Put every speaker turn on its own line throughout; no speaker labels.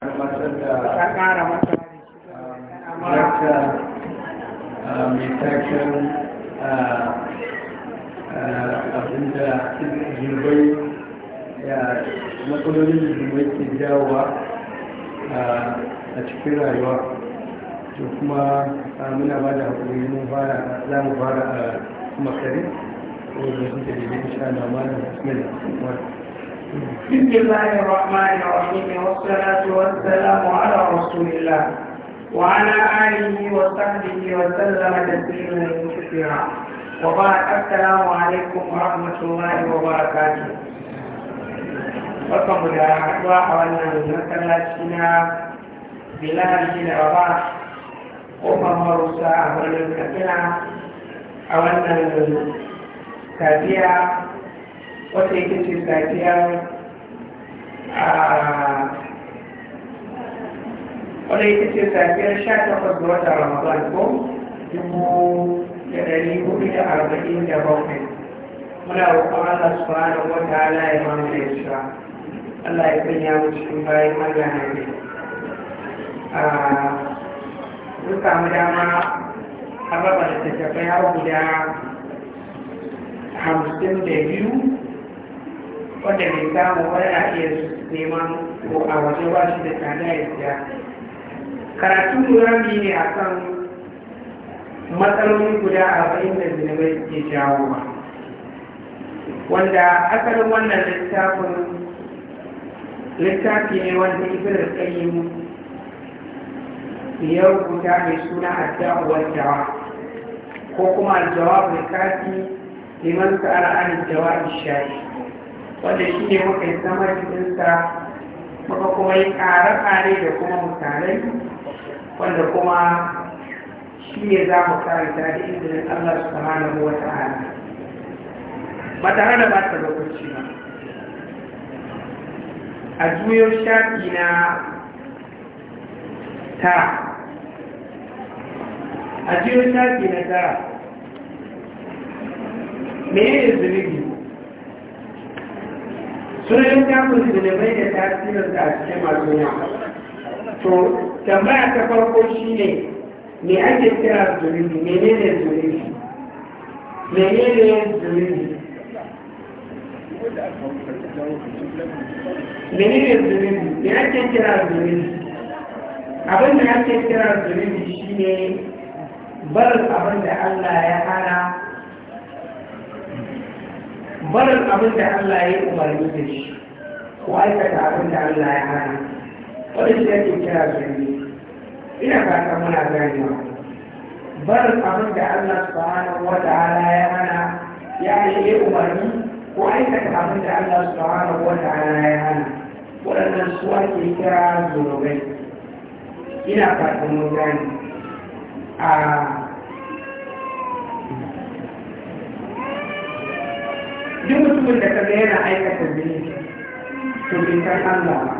mai taken uh, uh, abinda jirbai da matsalolin jirbai ke jawowa uh, a cikin rayuwa to kuma muna ba da haƙuri mun fara za mu fara a makarin ko da su da jirgin sha na malam
bismillah
بسم الله الرحمن الرحيم والصلاة والسلام على رسول الله وعلى آله وصحبه وسلم تسليما كثيرا وبعد السلام عليكم ورحمة الله وبركاته Barkan يا da وأنا a wannan masallaci na Bilal da Raba, ƙofar Marusa a birnin Katsina wata yake ce safiyar a wata yake ce safiyar sha takwas ga wata ramadan ko dubu da dari hudu da arba'in da bakwai muna roƙon Allah da wa ta'ala ya mamu da isra Allah ya sanya mu cikin bayan Allah na ne a mun samu dama a raba da tattafai har guda hamsin da biyu wanda bai samu wani a iya neman ko a waje ba shi da tsada ya siya karatun rabi ne a kan matsaloli guda arba'in da zinabai ke jawo ba wanda asalin wannan littafin littafi ne wanda ibi da tsayi ya rubuta mai suna a jawowar jawa ko kuma al-jawab kafi liman tsara an al-jawab wanda shi ne muka yi zama cikinsa muka kuma yi ƙare-ƙare da kuma mutane, wanda kuma shi ne za mu karanta da izinin Allah su kama mu wata hana ba tare da ba ta lokaci ba a juyo shafi na ta a juyo shafi na ta me ne zunubi sunan takun zunubai da tasirin da a cikin masu yawa to tambaya ta farko shine me ake kira zunubi menene zunubi menene zunubi
menene zunubi me ake kira
zunubi abin da ake kira zunubi shine bar abin da Allah ya hana barin abin da Allah ya umarni da shi ko aikata abin da Allah ya hana wanda shi yake kira zanni ina fata muna ganewa barin abin da Allah subhanahu wa ta'ala ya hana ya yi umarni ko aikata abin da Allah subhanahu wa ta'ala ya hana waɗannan su ake kira zunubai ina fata mun gani. a ah, duk mutumin da ka ga yana aikata zunubi to bai san Allah ba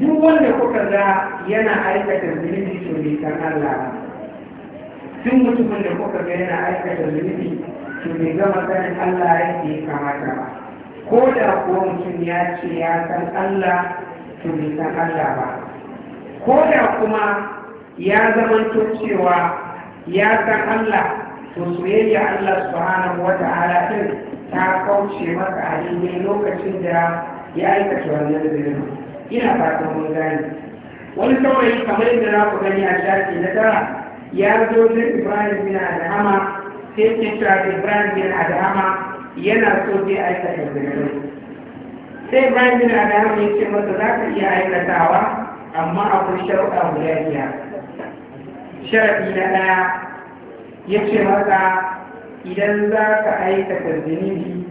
duk wanda kuka ga yana aikata zunubi to bai san Allah ba duk mutumin da kuka ga yana aikata zunubi to bai gama sanin Allah yake kamata ba ko da kuwa mutum ya ce ya san Allah to bai san Allah ba ko da kuma ya zamanto cewa ya san Allah to soyayya Allah subhanahu wa ta'ala din ta kauce maka a daidai lokacin da ya aikata wannan zulumi ina fatan mun gane wani saurayi kamar yadda na ku gani a shafi na tara ya zo da Ibrahim bin adama sai ke cewa Ibrahim bin adama yana so zai aikata zulumi sai Ibrahim bin adama ya ce masa za ka iya aikatawa amma akwai sharuɗa guda biyar sharaɗi na ɗaya ya ce maka idan za ka aikata zunubi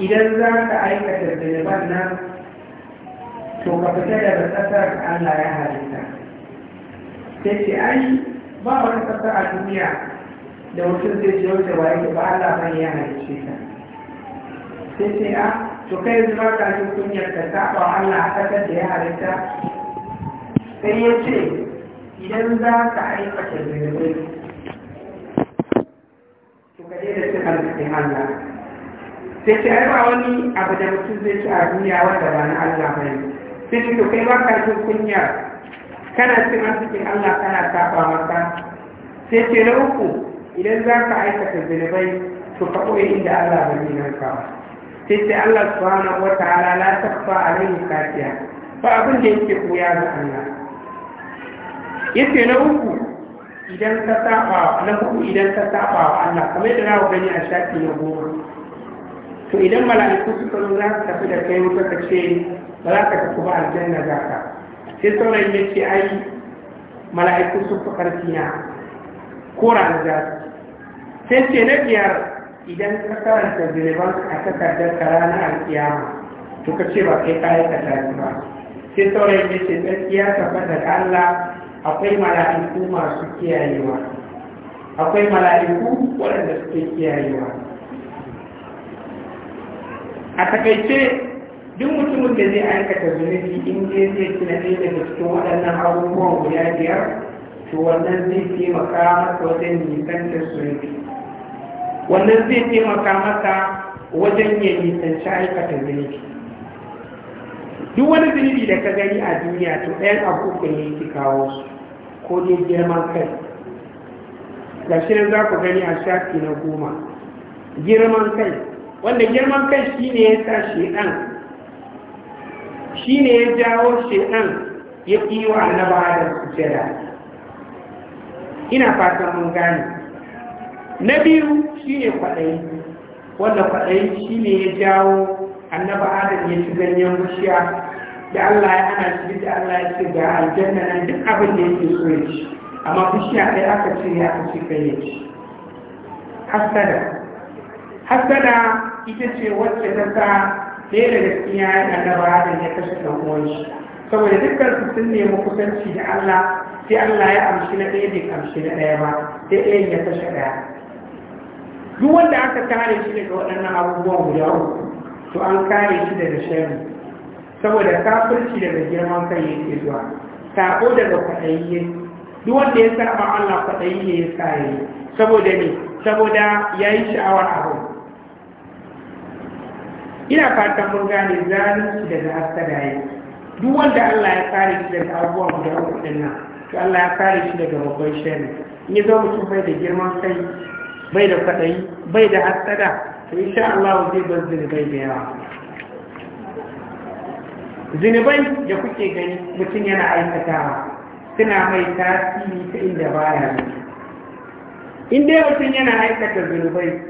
idan za ka aikata zunuban nan to ka fita daga ƙasar Allah ya halitta sai ce ai ba wani ƙasa a duniya da mutum zai ce wata ba yake ba Allah ba ya halitta ka sai ce a ah, to kai yanzu ba ka ji kunyar ka saba Allah a ƙasar da ya halitta sai ya ce idan za ka aikata zunubai ka daina cin arzikin Allah sai ce ai ba wani abu da mutum zai ci a duniya wanda ba na Allah ba ne sai ce to kai ba ka jin kunya kana cin arzikin Allah kana saba maka sai ce na uku idan za ka aikata zunubai to ka koyi inda Allah ba ne nan ka sai ce Allah subhanahu wataala la takfa alaihi kafiya ba abin da yake koya ga Allah yace na uku idan ka saba na hudu idan ka saba wa Allah kamar idan za gani a shafi na goma to idan mala'iku suka zo za su tafi da kai wuta ka ce ba za ka tafi ba aljanna za ka sai saurayin ya ce ai mala'iku sun fi ƙarfi na kora na za su sai ce na biyar idan ka karanta zunuban a takardar kara na alkiyama to ka ce ba kai kayan ka tafi ba sai saurayin ya ce gaskiya ka faɗa Allah akwai mala'iku masu kiyayewa akwai mala'iku waɗanda suke kiyayewa a takaice duk mutumin da zai aikata zunubi in ne zai tuna ɗaya daga cikin waɗannan abubuwan guda biyar to wannan zai taimaka masa wajen nisantar zunubi wannan zai taimaka masa wajen ya nisanci aikata zunubi duk wani zunubi da ka gani a duniya to ɗayan abubuwan uku ne yake kawo su ko dai girman kai ga ne za ku gani a shafi na goma girman kai wanda girman kai shi ne ya sa shedan shi ne ya jawo shedan ya kiwa na ba da sujada ina fatan mun gane na biyu shi ne kwaɗayi wanda kwaɗayi shi ne ya jawo annaba adam ya ci ganyen bishiya da Allah ya ana shi da Allah ya ce ga aljanna nan duk abin da yake so ya ci amma bishiya ɗaya aka ce ya aka ce kai ya ci hasada hasada ita ce wacce ta sa ɗaya da cikin da annaba da ya kashe ɗan uwan shi saboda dukkan su sun nemi kusanci da Allah sai Allah ya amshi na ɗaya bai amshi na ɗaya ba sai ɗayan ya kashe ɗaya duk wanda aka kare shi daga waɗannan abubuwan guda uku to an kare shi daga shari'a saboda kafirci daga girman kai yake zuwa sako daga kwaɗayi duk wanda ya saba Allah kwaɗayi ne ya kare, saboda ne saboda ya yi sha'awar abu ina fatan mun gane zalunci daga hasada yi duk wanda Allah ya kare shi daga abubuwa guda uku din nan to Allah ya kare shi daga babban shari in ya zo mutum bai da girman kai bai da kwaɗayi bai da hasada to insha Allah zai bar zunubai da yawa zunubai da kuke gani mutum yana aikatawa suna mai tasiri ta inda baya ne inda mutum yana aikata zunubai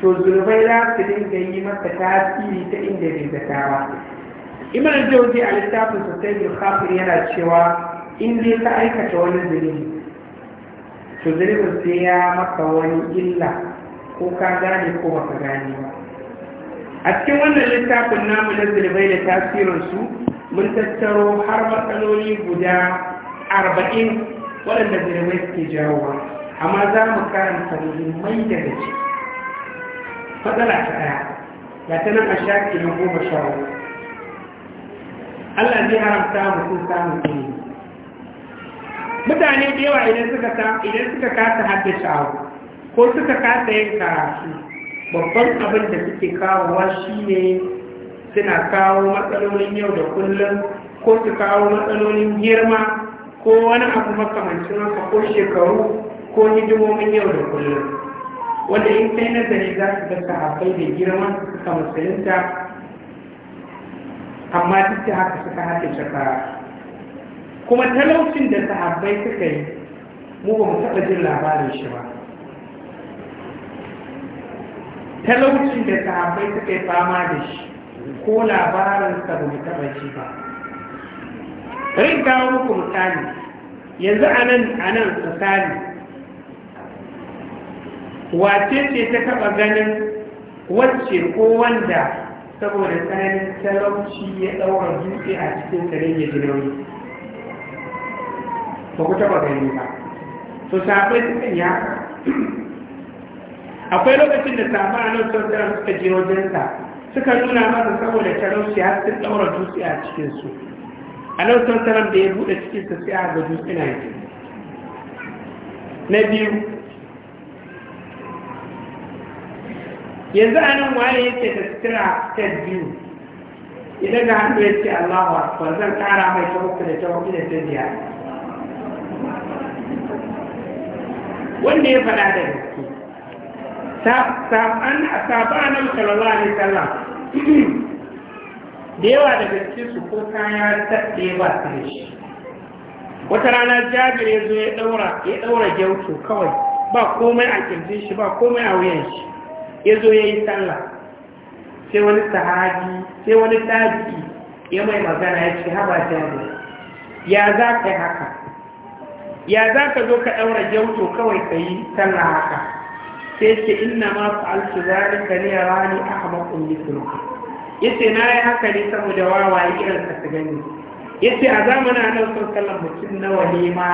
to zunubai za su dinga yi masa tasiri ta inda bai zata ba imar jauji a littafin sosai bil yana cewa in ya ka aikata wani zunubi to zunubin sai ya maka wani illa ko ka gane ko baka gane ba a cikin wannan littafin namu na zirbai da tasirinsu mun tattaro har matsaloli guda arba'in waɗanda zirbai suke jawowa amma za mu karanta muhimmai da gaji matsala ta ɗaya ga ta nan a shafi na goma sha Allah zai haramta sun samun ilimi mutane da yawa idan suka kasa haddace abu ko suka kasa yin karatu babban abin da suke kawowa ne suna kawo matsalolin yau da kullum ko su kawo matsalolin girma ko wani abu makamancin haka ko shekaru ko hidimomin yau da kullum wanda in kai nazari za su ga sahabbai da girman suka musulunta amma duk da haka suka haɗe shekara kuma talaucin da sahabbai suka yi mu ba mu taɓa jin labarin shi ba talaucin da sahabai suka fama da shi ko labarinsa ba mu taɓa shi ba rin kawo muku misali yanzu anan nan a misali wace ce ta taba ganin wacce ko wanda saboda tsananin talauci ya ɗaura dutse a cikin tsarin ya ji nauyi ba ku taɓa gani ba to sahabai sukan yi haka akwai lokacin da sahaba a nan sun tara suka je wajensa suka nuna masa saboda talauci har sun ɗaura dutse a cikinsu a nan sun tara da ya buɗe cikinsa sai a ga dutse na yi na biyu yanzu a nan waye yake da sutura ta biyu idan ga hannu ya ce Allahu akbar zan kara mai ta uku da ta hudu da ta biyar wanda ya faɗa da ni saba annabi sallallahu alaihi wasallam da yawa daga cikin su ko kaya taɗe ba su da shi wata rana jabir ya zo ya ɗaura ya ɗaura gyautu kawai ba komai a kirjin shi ba komai a wuyan shi ya zo ya yi sallah sai wani sahabi sai wani tabi ya mai magana ya ce haba jabir ya za ka yi haka ya za ka zo ka ɗaura gyautu kawai ka yi sallah haka sai ce inna ma ne zalika li yarani ahmaqun Ya ce na yi haka ne saboda wawaye irin ka su gani Ya ce a zamana na sallallahu kallon mutum nawa ne ma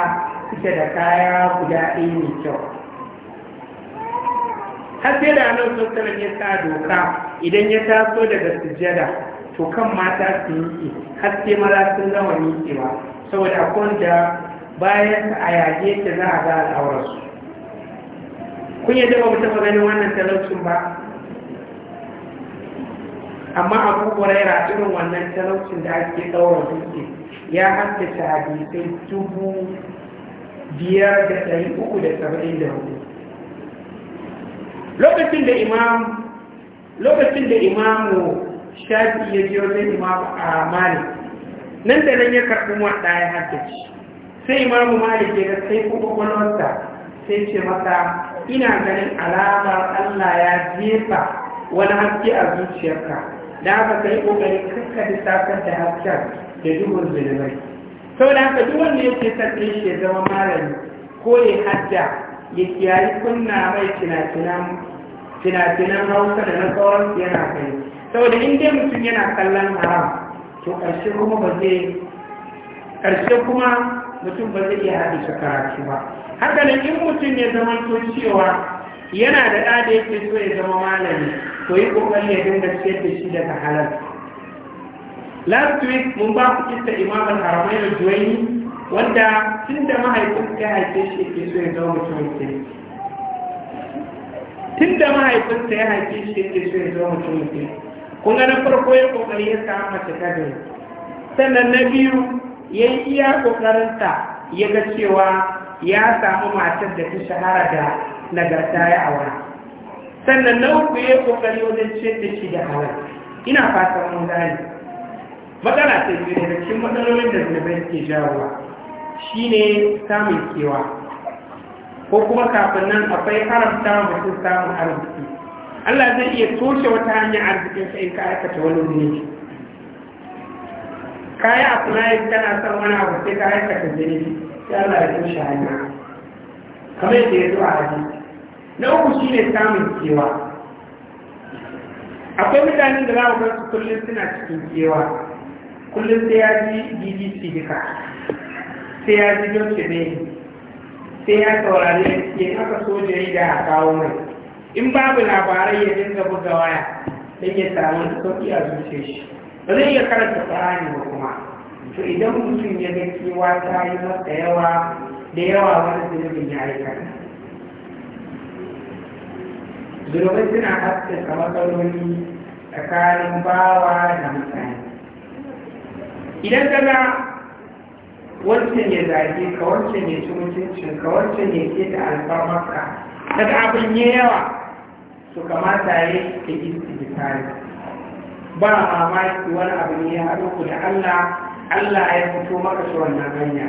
suke da kaya guda ɗaya mai kyau har sai da annabi sallallahu kallon ya sa doka idan ya taso daga sujada to kan mata su yi ke, har sai maza sun zama miƙewa saboda akwai da bayan a yage ta za a ga al'aurarsu kun yadda ba mu taɓa ganin wannan talaucin ba amma abu ƙwararra irin wannan talaucin da ake tsawon duke ya shari'a sai dubu biyar da ɗari uku da saba'in da hudu lokacin da imam lokacin da imamu shafi ya ji wajen imamu a malik nan da nan ya karɓi wadda ya haddace sai imamu malik ya ga sai kuma sai ce masa ina ganin alama Allah ya jefa wani haske a zuciyarka da haka kai kokari kakka lissafar da hasken
da duhun zunubai
sau da haka duk wanda yake son ɗin shi ya zama malami ko ya hajja ya kiyayi kunna mai finafinan hausa da na tsawon yana kai saboda in dai mutum yana kallon haram to ƙarshe kuma ba zai ƙarshe kuma mutum ba zai iya haɗe shi karatu ba haka ne in mutum ya zama to cewa yana da ɗa da yake so ya zama malami to yi ƙoƙari ya dinga ciyar da shi daga halal last week mun ba ku kista imamar haramai da juwaini wanda tun da mahaifin ya haife shi yake so ya zama mutumin kirki tun da mahaifinsa ya haife shi yake so ya zama mutumin kirki kun ga na farko ya ƙoƙari ya samu mace ta sannan na biyu ya yi iya ƙoƙarinsa ya ga cewa ya samu matar da ta shahara da nagarta ya aura sannan na ya kokari wajen ciyar da shi da halar ina fatan mun gane matsala ta biyu daga cikin matsalolin da zunubai ke jawowa shine samun kewa ko kuma kafin nan akwai haramta mutum samun arziki Allah zai iya toshe wata hanyar arzikinsa in ka aikata wani zunubi kayi applying tana son wani abu sai ka aikata jini sai Allah ya tushe hanya kamar yadda ya zo a hadisi na uku shi ne samun kewa akwai mutanen da za ku gansu kullum suna cikin kewa kullum sai ya ji bbc duka sai ya ji jokke ne sai ya saurari ya aka soja yi da a kawo mai in babu labarai ya dinga buga waya don ya samu sauƙi a zuciyar shi ba zai iya karanta tsarani ba kuma to idan mutum ya ga cewa ta yi masa yawa da yawa wani zunubin ya aikata zunubin suna kamar matsaloli tsakanin bawa da mutane idan kana wancan ya zage ka wancan ya ci mutuncin ka wancan ya ke da alfarmarka daga abin ya yawa su kamata ya yi yi su ba mamaki wani abu ne ya haɗu ku da Allah Allah ya fito maka shi wannan hanya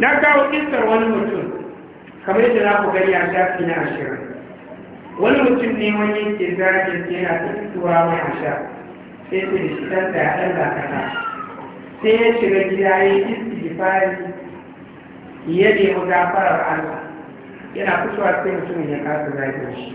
na kawo kistar wani mutum kamar yadda za ku gani a shafi na ashirin wani mutum ne wani ke zarafin yana ta fitowa mai asha sai ku da shi ɗan ya ɗan zakata sai ya shiga gida ya yi fari, ya nemi gafarar Allah yana fitowa sai mutumin ya kasa zafin shi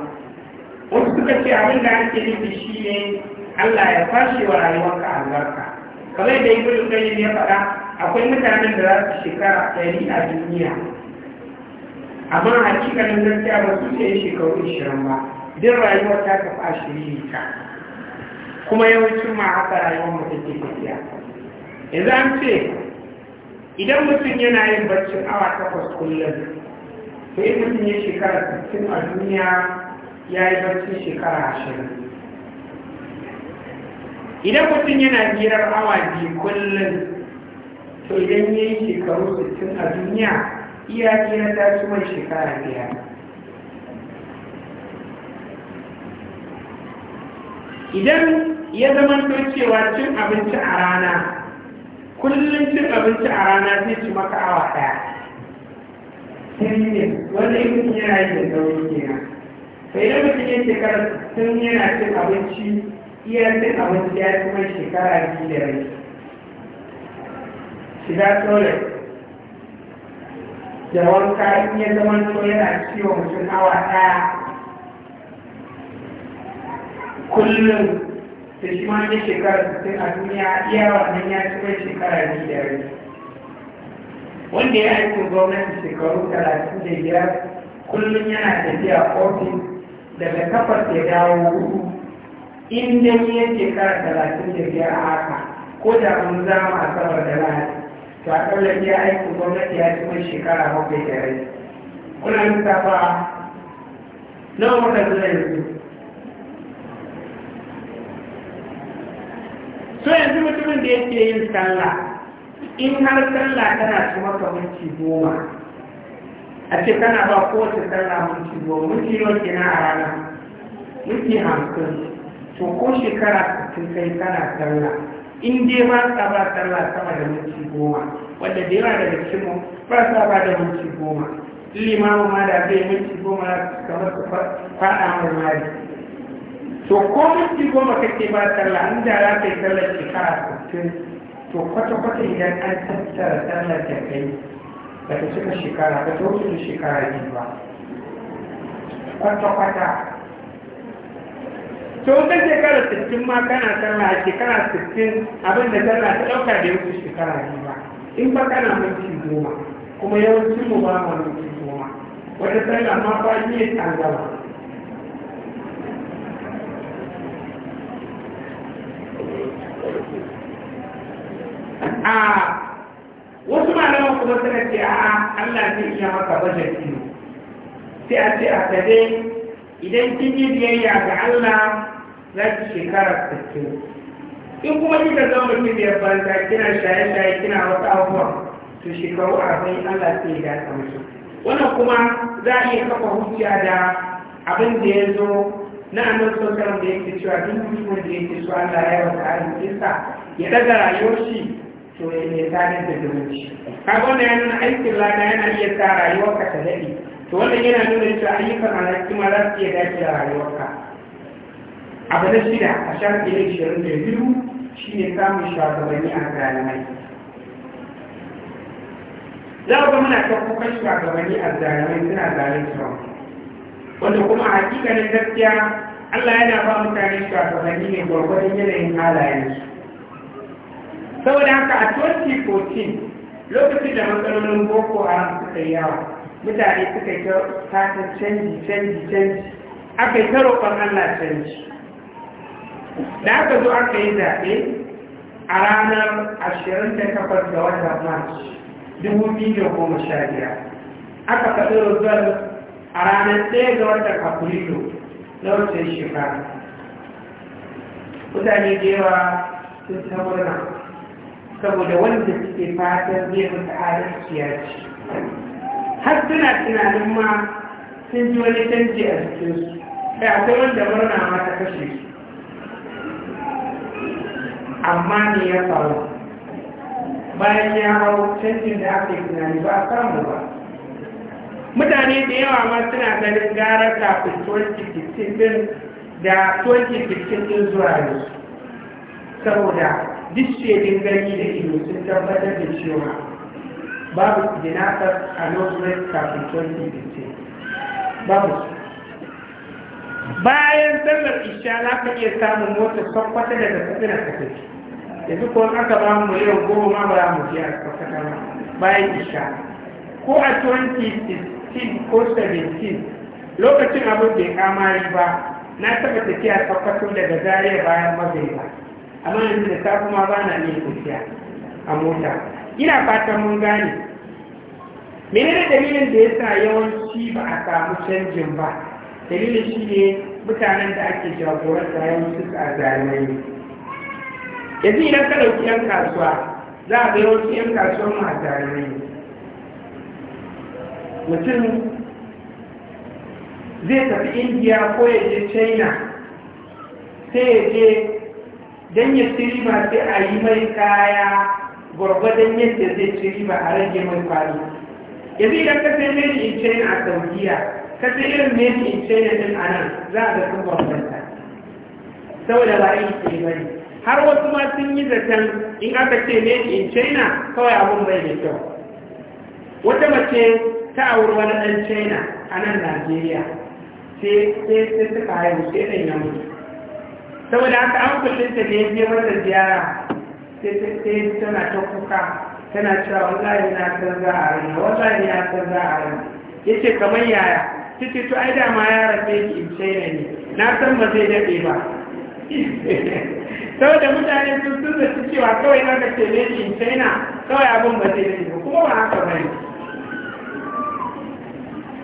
wasu suka ce abin da ake nufi shi ne Allah ya fashe wa rayuwarka albarka kamar da ibn qayyim ya faɗa akwai mutanen da za su shekara ɗari a duniya amma zan gaskiya ba su ce shekaru ishirin ba duk rayuwar ta tafi ashirin ta kuma yawancin ma haka rayuwar mu take tafiya yanzu an ce idan mutum yana yin barcin awa takwas kullum sai mutum ya shekara sittin a duniya ya yi barci shekara ashirin idan mutum yana hirar awa biyu kullum to idan ya yi shekaru sittin a duniya iya hira ta su mai shekara biyar idan ya zama cewa cin abinci a rana kullum cin abinci a rana zai ci maka awa ɗaya sai ne wanda yana yi da zaune kenan sai da mutum ya shekara sun yana cin abinci iya cin abinci ya kuma shekara biyu da rai shiga toilet da wanka in ya zama to yana ciwon mutum awa ɗaya kullum da shi ma ya shekara sun a duniya iya wannan ya ci mai shekara biyu da rai wanda ya aikin gwamnati shekaru talatin da biyar kullum yana tafiya ofis daga kafar ya dawo hudu in dai yake kara talatin da biyar a haka ko da mun zama a sabar da lahadi to a ɗaular ya aiki gwamnati ya ci mai shekara bakwai da rai kuna fa? nawa muka zuwa yanzu so yanzu mutumin da yake yin sallah in har sallah tana su maka minti goma a ce kana ba kowace sallah minti goma minti yau na a rana minti hamsin to ko shekara sittin kai kana sallah in dai ba sa ba sallah sama da minti goma wanda da yawa daga cikin mu ba sa ba da minti goma limamu ma da zai minti goma kamar su fada mai mari to ko minti goma kake ba sallah in da za ka yi sallar shekara sittin to kwata-kwata idan an tattara sallar da kai ba ta shekara ba ta wuce shekara ba kwata 60 ma kana sallah a shekara 60 abin ta ɗauka da yawancin shekara ba in ba kana minti goma kuma yawancin mu ba
ma minti goma wata sallah ma ba yi ta
a wasu malaman kuma suna ce a'a Allah zai iya maka wajen ne sai a ce a tade idan kin yi biyayya ga Allah za ki shekara 60 in kuma ka zama ki biyar banza kina shaye-shaye kina wasu abubuwa to shekaru arba'in Allah sai ya dasa musu wannan kuma za a iya kafa hujja da abin da ya zo na annabi sallallahu alaihi wasallam da yake cewa duk mutumin da yake so Allah ya yi wata arzikinsa ya daga rayuwar shi to ya tare da zumunci kaga wannan ya nuna aikin lada yana iya sa rayuwarka ta daɗe to wannan yana nuna cewa ayyukan alhaki ma za su iya dace da rayuwarka abu na shida a shafi na ishirin da biyu shine samun shugabanni a zalimai za ga muna ta kukan shugabanni a zalimai suna zalunta wanda kuma a hakikanin gaskiya Allah yana ba mutane shugabanni ne gwargwadon yanayin halayensu saboda haka a 2014 lokacin da matsalolin boko haram suka yi yawa mutane suka yi fatan canji canji canji aka yi ta allah canji da aka zo aka yi zaɓe a ranar 28 ga watan march 2015 aka faɗi rogar a ranar 1 ga watan afrilu na wancan shekara mutane da yawa sun samu da saboda wanda suke fatan zai mata adalciya ce har suna tunanin ma sun ji wani canji a jikinsu da akwai wanda murna ma ta kashe su amma ne ya faru bayan ya hau canjin da aka yi tunani ba a samu ba mutane da yawa ma suna ganin gara kafin 2015 din da 2016 din zuwa yanzu saboda duk shedin gani da ido sun tabbatar da cewa babu jinatar a northwest kafin 2015 babu su bayan sallar isha na ka iya samun motar sakwata daga katsina ta tafi duk wani aka ba mu yau goma ma ba mu je a sakwata ba bayan isha ko a 2016 ko 17 lokacin abin bai kamari ba na taba tafiya sakwato daga zariya bayan ba. amma yanzu da safe ma ba na iya tafiya a mota ina fatan mun gane menene dalilin da ya sa yawanci ba a samu canjin ba dalilin shi ne mutanen da ake da yawanci a zalimai yanzu idan ka ɗauki 'yan kasuwa za a ga yawanci 'yan kasuwa mu a zalimai mutum zai tafi indiya ko ya je china sai ya je don ya ci riba sai a yi mai kaya gwargwadon yadda zai ci riba a rage mai kwari yanzu idan ka sai mai in ce a saudiya ka sai irin mai in ne din a nan za a ga sun bambanta saboda ba yi ce bane har wasu ma sun yi zaton in aka ce mai in china kawai abun bai da kyau wata mace ta auri wani ɗan china a nan najeriya sai sai suka haihu sai ɗan ya saboda haka an ta da ya biya mata ziyara sai tana ta kuka tana cewa wallahi na san za a rana wallahi na san za a rana ya ce kamar yaya titi to ai dama ya rafe ki in na ne na san ba zai daɗe ba saboda mutane sun sun zaci cewa kawai na ka ce ne in na, kawai abin ba zai daɗe ba kuma ba haka ba ne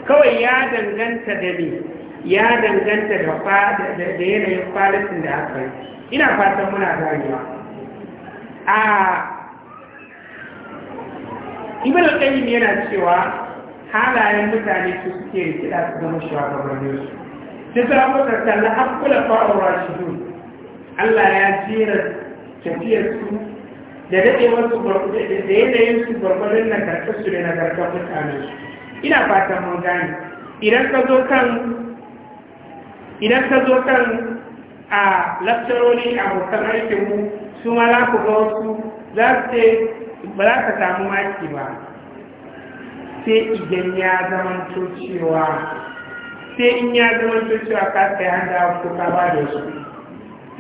kawai ya danganta da ni ya danganta da yanayin falisin da aka yi ina fatan muna zariwa a ibn al-qayyim yana cewa halayen mutane su suke kiɗa su zama shugabannin su sai sura mutar talla an kula shi rashidun Allah ya jera tafiyar su da dadewar su da yanayin su gwargwadon nagartar su da nagartar mutane su ina fatan mun gane idan ka zo kan idan ka zo kan a a abokan aikinmu su ma za ku ga wasu za su ce ba za ka samu maki ba sai idan ya zama cewa sai in ya zama cewa ka sai an da ko ka ba da su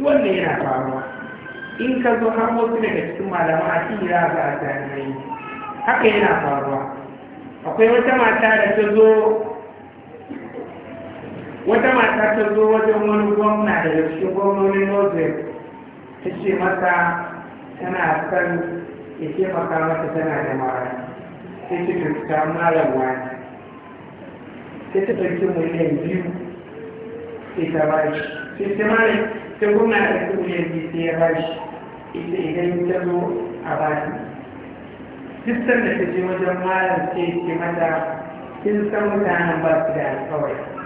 wannan yana faruwa in ka zo har wasu daga cikin malama a cikin ya za a haka yana faruwa akwai wata mata da ta zo wata mata ta zo wajen wani gwamna daga cikin gwamnonin northern ta ce masa tana san ya maka mata tana da mara sai ta fita malam wani sai ta ɗauki miliyan biyu sai ta ba shi sai ta mara ta gwamna da ta miliyan biyu sai ya ba shi ita idan ta zo a ba shi duk sanda ta je wajen malam sai ya ce mata kin san mutanen ba su da alkawari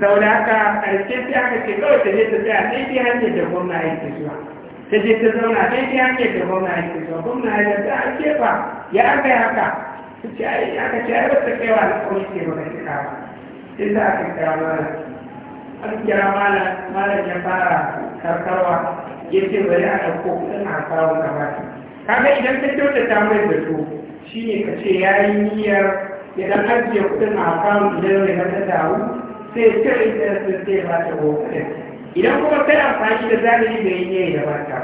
sau da haka ƙarshe sai aka ce kawai ta je ta tsaya daidai hanyar da gwamna yake zuwa ta je ta zauna daidai hanyar da gwamna yake zuwa gwamna ya ta an kefa ya aka haka su ce ai aka ce ai wata kaiwa na kawai ke ba ka kira ba sai za aka kira mana an kira mana ya fara karkarwa ya ce bari a ɗauko kuɗin a kawo gaba kaga idan ka kyautata mai su shi ne ka ce ya yi niyyar ya an ajiye kuɗin a kawo idan mai mata dawo sai ta da sun sai ba ta gobe idan kuma kai amfani da zalimi da yin da barka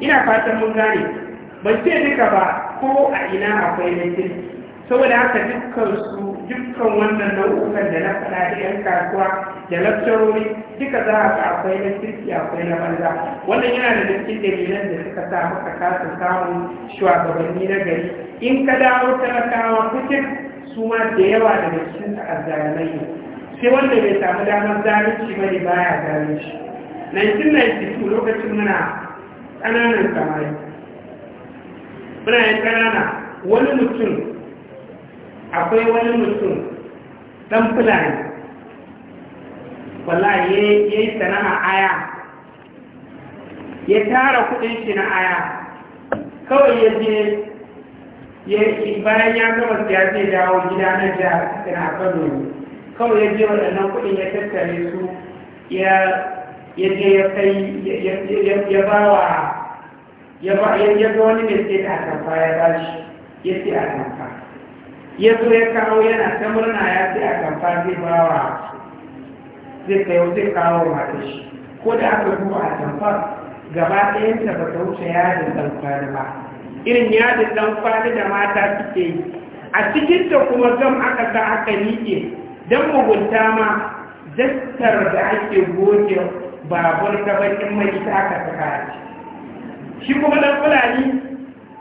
ina fatan mun gane ban ce duka ba ko a ina akwai mutum saboda haka dukkan su dukkan wannan nau'ukan da na faɗa da 'yan kasuwa da lakcarori duka za a akwai na kirki akwai na banza wannan yana da cikin dalilan da suka sa maka kasa samun shugabanni na gari in ka dawo talakawa kucin su ma da yawa daga cikin ta'azzalimai ke wanda bai samu damar zalunci bane baya zalunci 1992 lokacin muna ƙananan samari muna yin ƙanana wani mutum akwai wani mutum ɗan fulani wallahi ya yi sana'a aya ya tara kuɗin shi na aya kawai ya je bayan ya gaba siyasa ya dawo gida na jihar suna kano kawai ya je waɗannan kuɗin ya tattare su ya je ya kai ya ba wa ya ga wani mai sai ta kamfa ya ba shi ya sai a kamfa ya zo ya kawo yana ta murna ya sai a kamfa zai ba wa zai kawo zai kawo da shi ko da aka zuwa a kamfar gaba ɗayanta ba ta wuce yadin ɗan kwani ba irin yadin ɗan kwani da mata suke yi a cikinta kuma zan aka ga aka ke. don mugunta ma jastar da ake goge babur ta bakin mai ta aka saka shi kuma dan fulani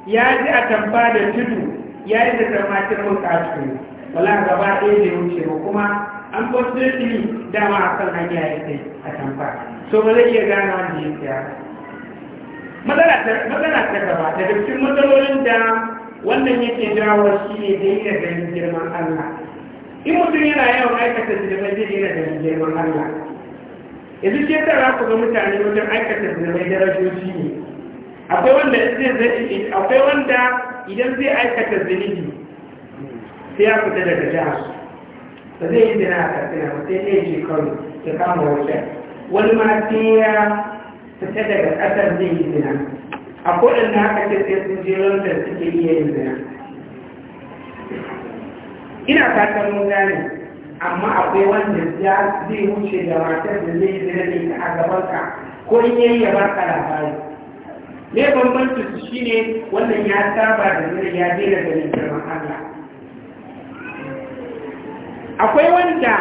ya ji a tamba da tudu ya yi da tamatir mutatu wala gaba ɗaya da wuce ba kuma an bostoni dama a kan hanya ya sai a tamba so ba zai iya gane wanda ya siya matsala ta gaba daga cikin matsalolin da wannan yake jawo shi ne da yi ganin girman allah in mutum yana yawan aikata zunubai zai yana da jirgin Allah yanzu ce tara ku ga mutane wajen aikata zunubai darajoji ne akwai wanda akwai wanda idan zai aikata zinibi sai ya fita daga jihar ba zai yi zina a katsina ba sai ya ce kawai ya kama wajen, wani ma sai ya fita daga ƙasar zai yi zina akwai wanda haka ce sai sun je wanda suke iya yin zina ina fatan nuna ne amma akwai wanda ya zai wuce da matar da zai zira da ita a ka ko in yi ya ka labari ne bambanci su shine wannan ya saba da zira ya daina ganin da mahalla akwai wanda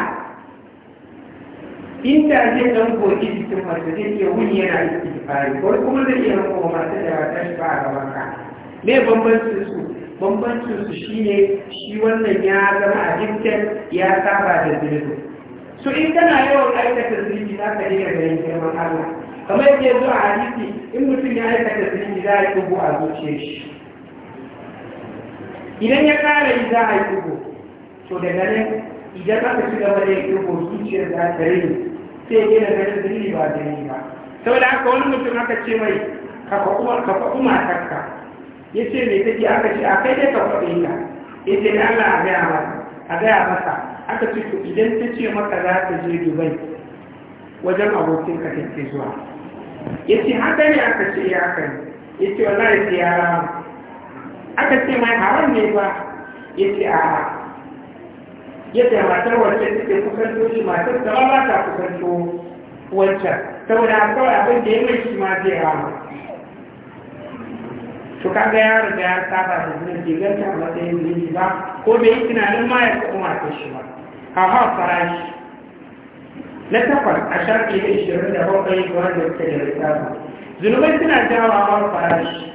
inda zai dan goge jikin masu zai ke wuni yana istighfari ko kuma zai iya ranko masu da ba ta shi ba a ka ne bambanci su bambancin su shine shi wannan ya zama addicted ya saba da zunubi Su in kana yawan aikata zunubi za ka daina ganin girman Allah kamar yadda ya zuwa a hadisi in mutum ya aikata zunubi za a yi dubu a zuciyar shi idan ya kara yi za a yi dubu to daga nan idan aka ci gaba da yin dubu zuciyar za ta rage sai ya daina ganin zunubi ba zirgin ba saboda haka wani mutum aka ce mai ka umar kafa ya ce take aka ce a kai dai ka faɗi ka ya ce Allah a gaya ba, a gaya masa aka ce to idan ta ce maka za ta je Dubai wajen abokin ka take zuwa ya ce haka ne aka ce ya kai? yace ya ce wallahi sai ya aka ce mai haram ne ba ya ce a yadda matar wacce take kusanto shi matar da ba ta to wancan saboda akwai abin da ya mai shi ma zai rama to kaga ya riga ya saba da jinin ke ganta a matsayin jini ba ko bai yi tunanin ma ya kuma ta shi ba hawa farashi na takwas a shafi da ishirin da bakwai ga wanda suka da ba zunubai suna jawo hawa farashi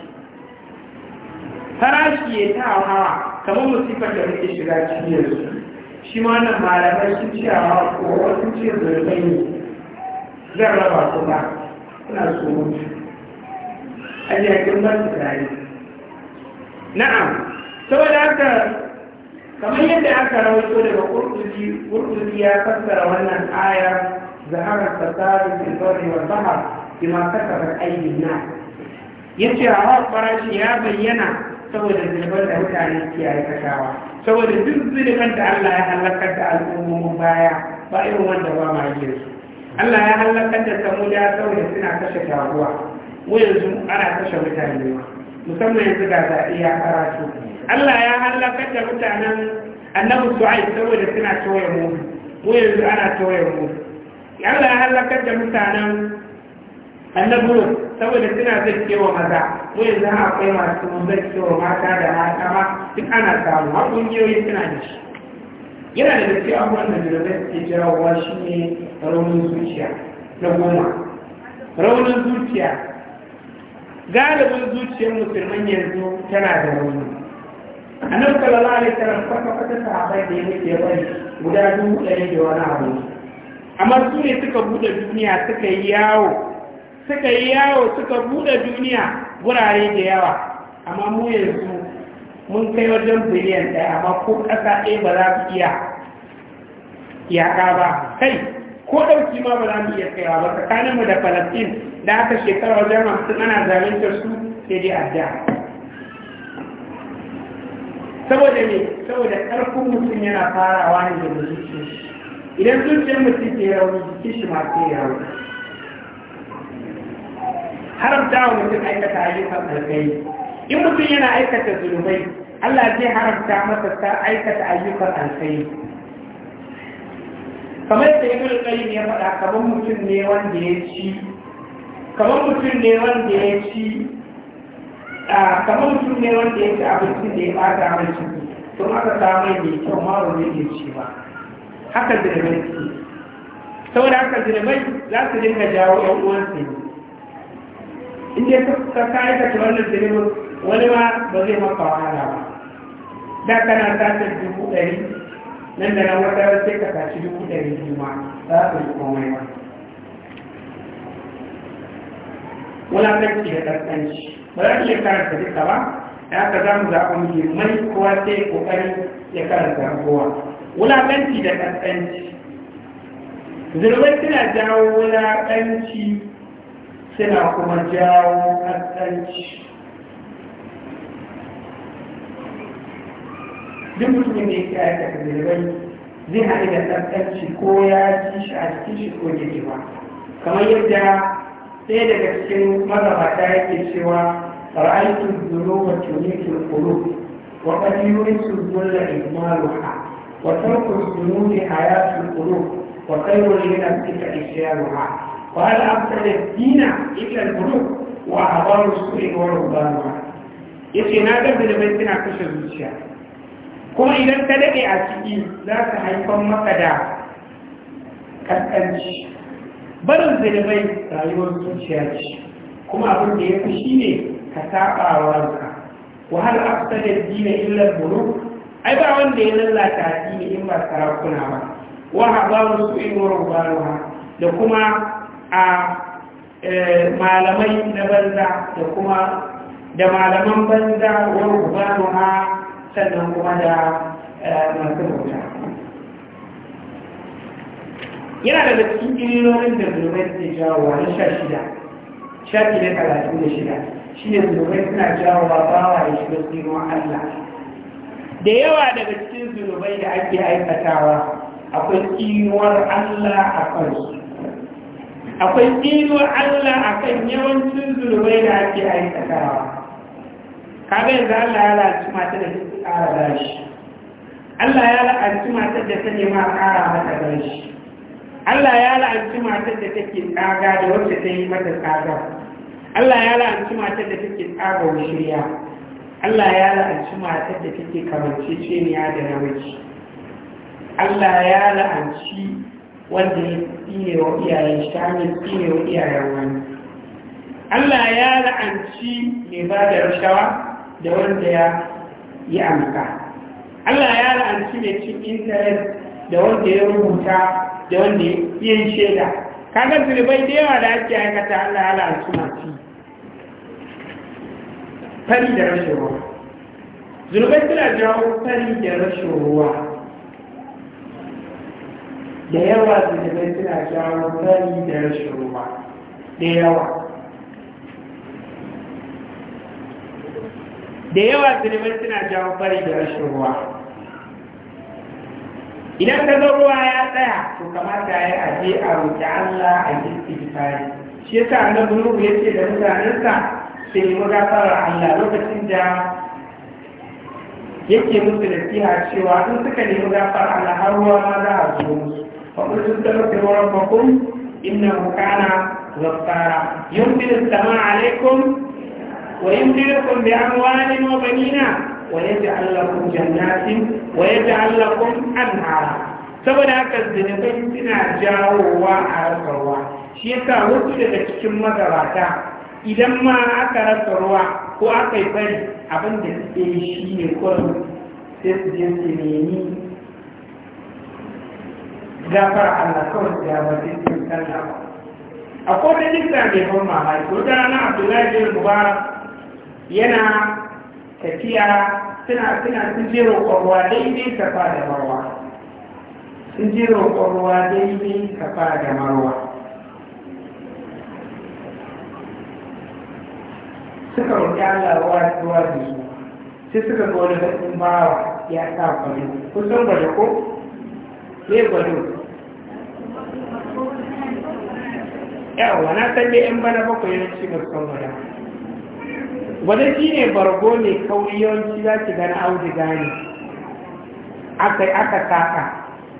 farashi ya ta hawa kamar musifar da muke shiga cikin yanzu shi ma wannan malamai sun ce a hawa ko wasu ce zunubai ne zan raba su ba suna mutu. a jirgin su tare na'am saboda haka kamar yadda aka rawaito daga kurkuzi ya fassara wannan aya zaharar fasari fil barri wal bahr bima kasabat aydin nas yace hawa farashi ya bayyana saboda zulubin da mutane ke aikatawa saboda duk zulubin da Allah ya halakar da al'ummomin baya ba irin wanda ba ma yi Allah ya halakar da samuda saboda suna kashe taruwa mu yanzu ana kashe mutane ma musamman yanzu ga zaɓe ya su. Allah ya halakar da mutanen annabi su'ai saboda suna tauye mu mu yanzu ana tauye mu Allah ya halakar da mutanen annabi saboda suna zarkewa maza mu yanzu akwai masu kewa mata da mata ma duk ana samu har ƙungiyoyi suna da shi yana da gaske abubuwan da jirage ke jirawa shi ne raunin zuciya na goma raunin zuciya galibin zuciyar musulman yanzu tana da wani a nan sallallahu alaihi wasallam kwata ta sahabbai da ya muke bari guda dubu ɗari da wani abu amma su ne suka buɗe duniya suka yi yawo suka yi yawo suka buɗe duniya wurare da yawa amma mu yanzu mun kai wajen biliyan ɗaya amma ko ƙasa ɗaya ba za su iya yaƙa ba kai ko ɗauki ma ba za mu iya kaiwa ba tsakaninmu da falastin da aka shekara wajen masu ana zalunta su sai dai adda saboda ne saboda ƙarfin mutum yana farawa ne da zuciya idan zuciyar mutum ke rauni jikin shi ma ke rauni haramta wa mutum aikata ayyukan alkai in mutum yana aikata zunubai Allah zai haramta masa ta aikata ayyukan alkai kamar da ibn ne ya faɗa kamar mutum ne wanda ya ci kamar mutum ne wanda ya ci a kamar mutum ne wanda ya ci abincin da ya bata mai ciki don aka samu mai kyau ma ba zai iya ci ba haka zirmai ke saboda haka zirmai za su dinga jawo yan uwansa ne inda dai ka kayi ka ci wannan zirmin wani ma ba zai maka wahala ba da kana tasar dubu ɗari nan da nan wata sai ka tashi da yin kuma za ka yi komai ba wulaƙanci da ƙasƙanci ba za ka iya karanta duka ba ya haka za mu zaɓa mai kowa sai ƙoƙari ya karanta kowa wulaƙanci da ƙasƙanci zirgin suna jawo wulaƙanci suna kuma jawo ƙasƙanci duk mutumin da yake aikata zirgai zai haɗu da tsantsanci ko ya ci shi a cikin shi ko ya ba kamar yadda ɗaya daga cikin mazabata yake cewa ra'aytu dhunuba tunitu al-qulub wa qad yurisu dhulla ijmaluha wa tarku dhunubi hayatu al-qulub wa khayru linafsika isyanuha
wa hal abtada
ad-dina illa al-qulub wa abaru as-su'i wa rubbanuha yace na ga da bai tana kashe zuciya kuma idan ta daɗe a ciki za ta haifar maka da ƙasƙanci barin zirbai rayuwar zuciya ce kuma abin da ya fi shi ne ka saba wa ranka wahal afsa da dina illar buru ai ba wanda ya lallata dina in ba sarakuna ba wa habaru su in wurin baruwa da kuma a e, malamai na banza da kuma da malaman banza wa sannan kuma da eh, masu bauta yana da cikin ƙirirorin da zunubai suke jawowa na sha shida sha shida talatin da shida shi ne zunubai suna jawowa bawa ya shiga tsinon allah da yawa daga cikin zunubai da ake aikatawa akwai tsinuwar allah a kansu akwai tsinuwar allah a kan yawancin zunubai da ake aikatawa kaga yanzu allah ya lalace mata da ƙara gashi Allah ya la'anci matar da ta nema ƙara mata gashi Allah ya la'anci matar da take tsaga da wacce ta yi mata tsaga Allah ya la'anci matar da take tsaga wa shirya Allah ya la'anci matar da take kamance ce kamanceceniya da namiji Allah ya la'anci wanda ya tsine wa iyayen shi ta hanyar tsine wa iyayen wani Allah ya la'anci mai ba da rashawa da wanda ya yi amka Allah ya la'anci mai cin intanet da wanda ya rubuta da wanda ya yi shaida kaga zulubai da yawa da ake aikata Allah ya la'anci masu fari da rashin ruwa zulubai suna jawo fari da rashin ruwa da yawa zulubai suna jawo fari da rashin ruwa da yawa da yawa zunubai suna jawo fari da rashin ruwa idan ka zo ruwa ya tsaya to kamata ya aje a roƙi Allah a istighfari shi yasa annabi ya ce da mutanensa sai mu gafara Allah lokacin da yake musu da siya cewa in suka nemi gafara Allah har ruwa ma za a zo musu fa qultu tastaghfiru rabbakum innahu kana ghaffara yumdilu as-samaa alaikum. ويمددكم بأموال وبنينا ويجعل لكم جنات ويجعل لكم أنهارا saboda haka zunubai suna jawowa a rasa ruwa shi yasa wasu daga cikin magabata idan ma aka rasa ruwa ko aka yi bari abin da suke yi shi ne kwan sai su je su nemi gafara Allah kawai su ya bari su yi sallah ba a kodin nisa mai ba mamaki wata rana abdullahi bin mubarak
yana
tafiya suna suna sun je roƙon ruwa daidai kafa da marwa sun je roƙon ruwa daidai kafa da marwa suka roƙi Allah ruwa ruwa da su sai suka ga wani baƙin bawa ya sa kwari kusan gwado ko me gwado yawa na san dai yan bana bakwai na cikin kan gwado wani shi ne bargo ne kawai yawanci za ki gani auduga ne aka aka saka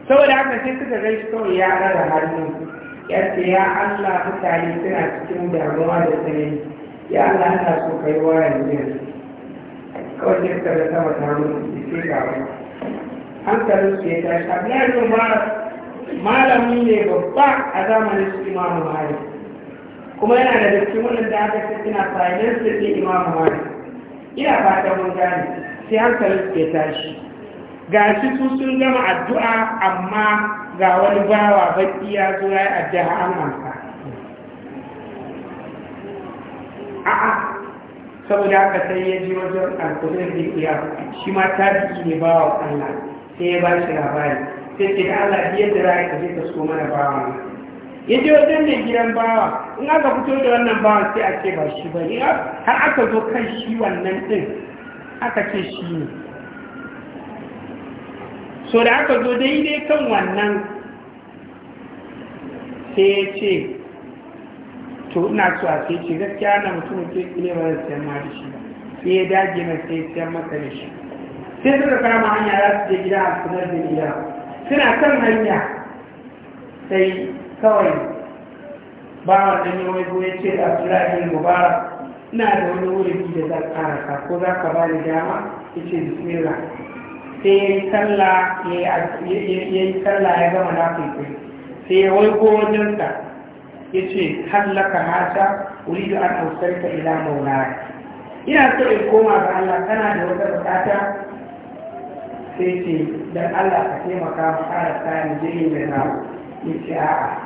saboda aka sai suka zai shi kawai ya rara hannu ya ce ya allah mutane suna cikin damuwa da tsanani ya allah ana so ka yi da yanzu kawai sai suka zai sama ta da ke ga An hankalin su ya tashi abu ya yi Malami ne babba a zamanin su imamu malik kuma yana da cikin wannan da aka ce ina fa'idan su ke imamu mali ina fata mun gane sai hankali ke tashi ga shi su sun gama addu'a amma ga wani bawa baki ya zo ya yi addu'a an a'a saboda haka sai ya ji wajen alkudurin da iya shi ma fi ne bawa Allah sai ya ba shi labari sai da Allah biyar da ra'ayi ka je ka so mana bawa ya wajen ne gidan bawa in aka fito da wannan bawa sai a ce ba shi ba ya har aka zo kan shi wannan din aka ce shi ne so da aka zo daidai kan wannan sai ya ce to ina so a sai ce gaskiya na mutum ke ne ba zai sayar ma da shi ba sai ya dage na sai sayar masa da shi sai suka kama hanya za su je gida a sanar da gida suna kan hanya sai kawai bawan ɗan yawai goye ya ce da abdullahi mubarak ina da wani wuri da zan karaka ko za ka ba ni dama ya ce bismillah sai ya yi sallah ya yi sallah ya gama na kwaikwai sai ya wai wajensa ya ce hallaka hata wuri da an ka ila maulaya ina so in koma ga Allah kana da wata bukata sai ce dan Allah ka taimaka mu ƙara ni jirgin mai nawa ya ce a'a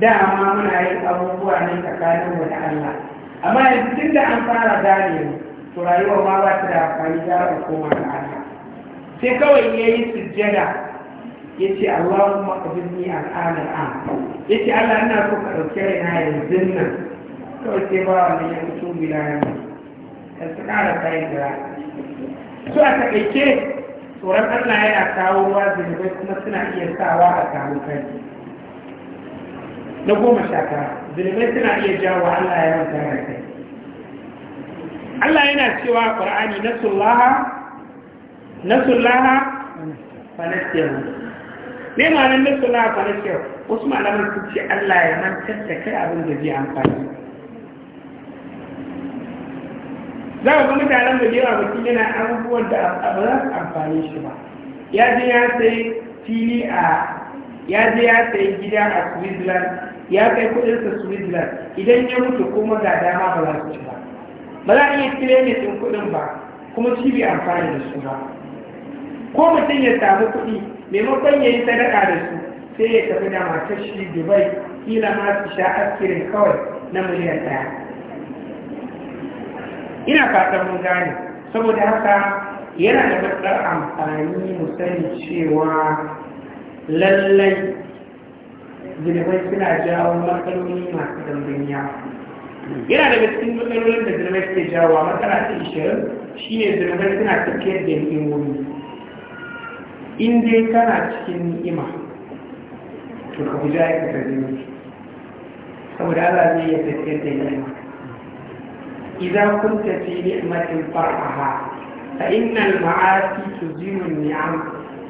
dama muna yin abubuwa ne tsakanin mu da Allah amma yanzu tun da an fara gane mu to rayuwar ma ba ta da amfani za a koma ga Allah sai kawai ya yi sujjada ya ce Allahumma a al'amal am. ya ce Allah ina so ka ɗauke raina yanzu nan kawai sai ba wannan ya fito bilayen ka su ƙara kayan da su a taƙaice tsoron Allah yana kawo wa zunubai kuma suna iya sawa a samu kai na goma sha tara zulmai suna iya jawo Allah ya manta da kai Allah yana cewa a Qur'ani nasullaha nasullaha fanastiyahu me ma'anar nasullaha fanastiyahu wasu malaman su ce Allah ya manta da kai abin da zai amfani za a ga mutanen da yawa mutum yana abubuwan da ba za su amfani shi ba ya je ya sai fili a ya je ya sayi gida a switzerland ya kai kuɗinsa switzerland idan ya mutu kuma ga dama ba za su ci ba ba za a iya ne ɗin kudin ba kuma shi bai amfani da su ba ko mutum ya samu kuɗi maimakon ya yi sadaka da su sai ya tafi da matar shi dubai kila ma su sha askirin kawai na miliyan ɗaya ina fatan mun gane saboda haka yana da matsar amfani mu sani cewa lallai zunubai suna jawo matsaloli masu dambin yawa yana daga cikin matsalolin da zunubai suke jawo matsala ta ishirin shine zunubai suna tafiye da ni'imomi in dai kana cikin ni'ima to ka fi ya ka zunubi saboda Allah zai iya tafiye da ni'ima idan kun tafi ni'imatin far'aha fa innal ma'asi tuzimu ni'am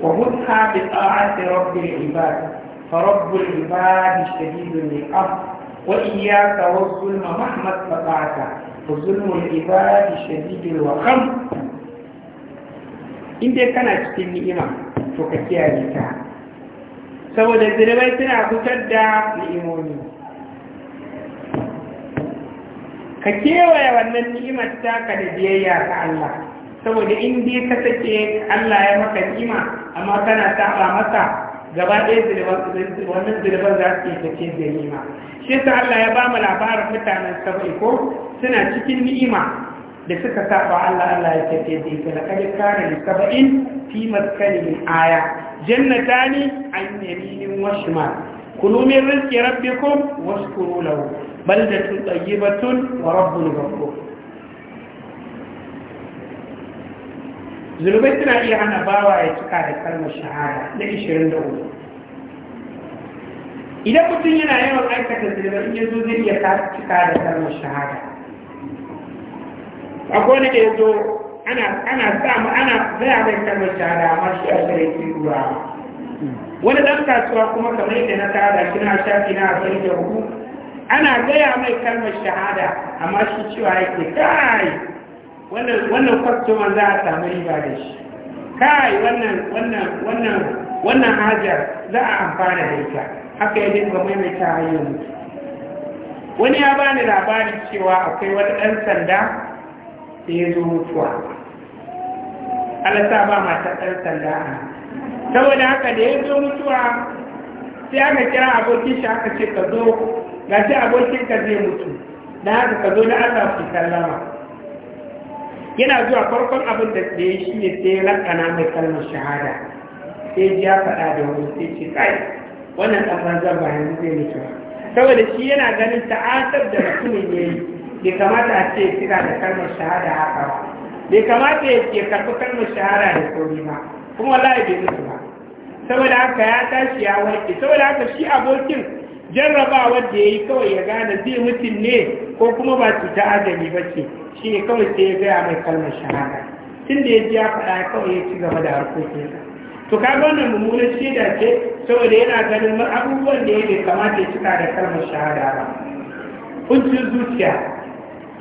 wa hudha bi ta'ati rabbil ibad فرب العباد شديد العقاب وإياك والظلم مهما استطعت وظلم العباد شديد الوخم إن دي كان cikin ni'ima to ka kiyaye ta saboda zirbai suna fitar da ni'imomi ka kewaye wannan ni'imar taka da biyayya ta Allah saboda in dai ka sake Allah ya maka ni'ima amma kana saba masa gaba ɗaya wannan zirban za su yi take ganima shi ta Allah ya ba mu labarin mutanen saba'i ko suna cikin ni'ima da suka saba Allah Allah ya take da ita laqad kana li saba'in fi maskani min aya jannatani an yaminin wa shimal kulu min rizqi rabbikum washkuru lahu baldatun tayyibatun wa ni ghafur zunubai suna iya hana bawa ya cika da kalmar shahada na 23 idan mutum yana yawan aikata zunubai in yanzu zai iya cika da kalmar shahada akwai wani da ya zo ana samu ana zaya mai kalmar shahada amma shi a shirin kiruwa wani ɗan kasuwa kuma kamar yadda na tara shi na shafi na asali da hudu ana gaya mai kalmar shahada amma shi cewa yake kai wannan kwastoma za a samu riba da shi kai wannan hajjar za a amfana da ita haka ya dinga maimaita hanyar mutu wani ya bani labarin cewa akwai wani ɗan sanda da ya zo mutuwa alasa ba mata ɗan sanda a saboda haka da ya zo mutuwa sai aka kira abokin shi aka ce ka zo ga shi abokin ka zai mutu na haka ka zo na allah su sallama yana zuwa farkon abin da ya yi shi ne sai lakana mai kalmar shahada sai ya faɗa da wani sai ce kai wannan ɗan zan ba yanzu zai mutu saboda shi yana ganin ta'asar da mutumin ya yi bai kamata a ce kira da kalmar shahada haka ba bai kamata ya ke karɓi kalmar shahada da sauri ba kuma wallahi bai mutu ba saboda haka ya tashi ya warke saboda haka shi abokin jarrabawar da ya yi kawai ya gane zai mutum ne ko kuma ba cuta ajali ba ce shi ne kawai sai ya gaya mai kalmar shahada tun da ya ji ya faɗa kawai ya ci gaba da harkokinsa to ka ga wannan mummunan shaida ce saboda yana ganin abubuwan da ya bai kamata ya cika da kalmar shahada ba kuncin zuciya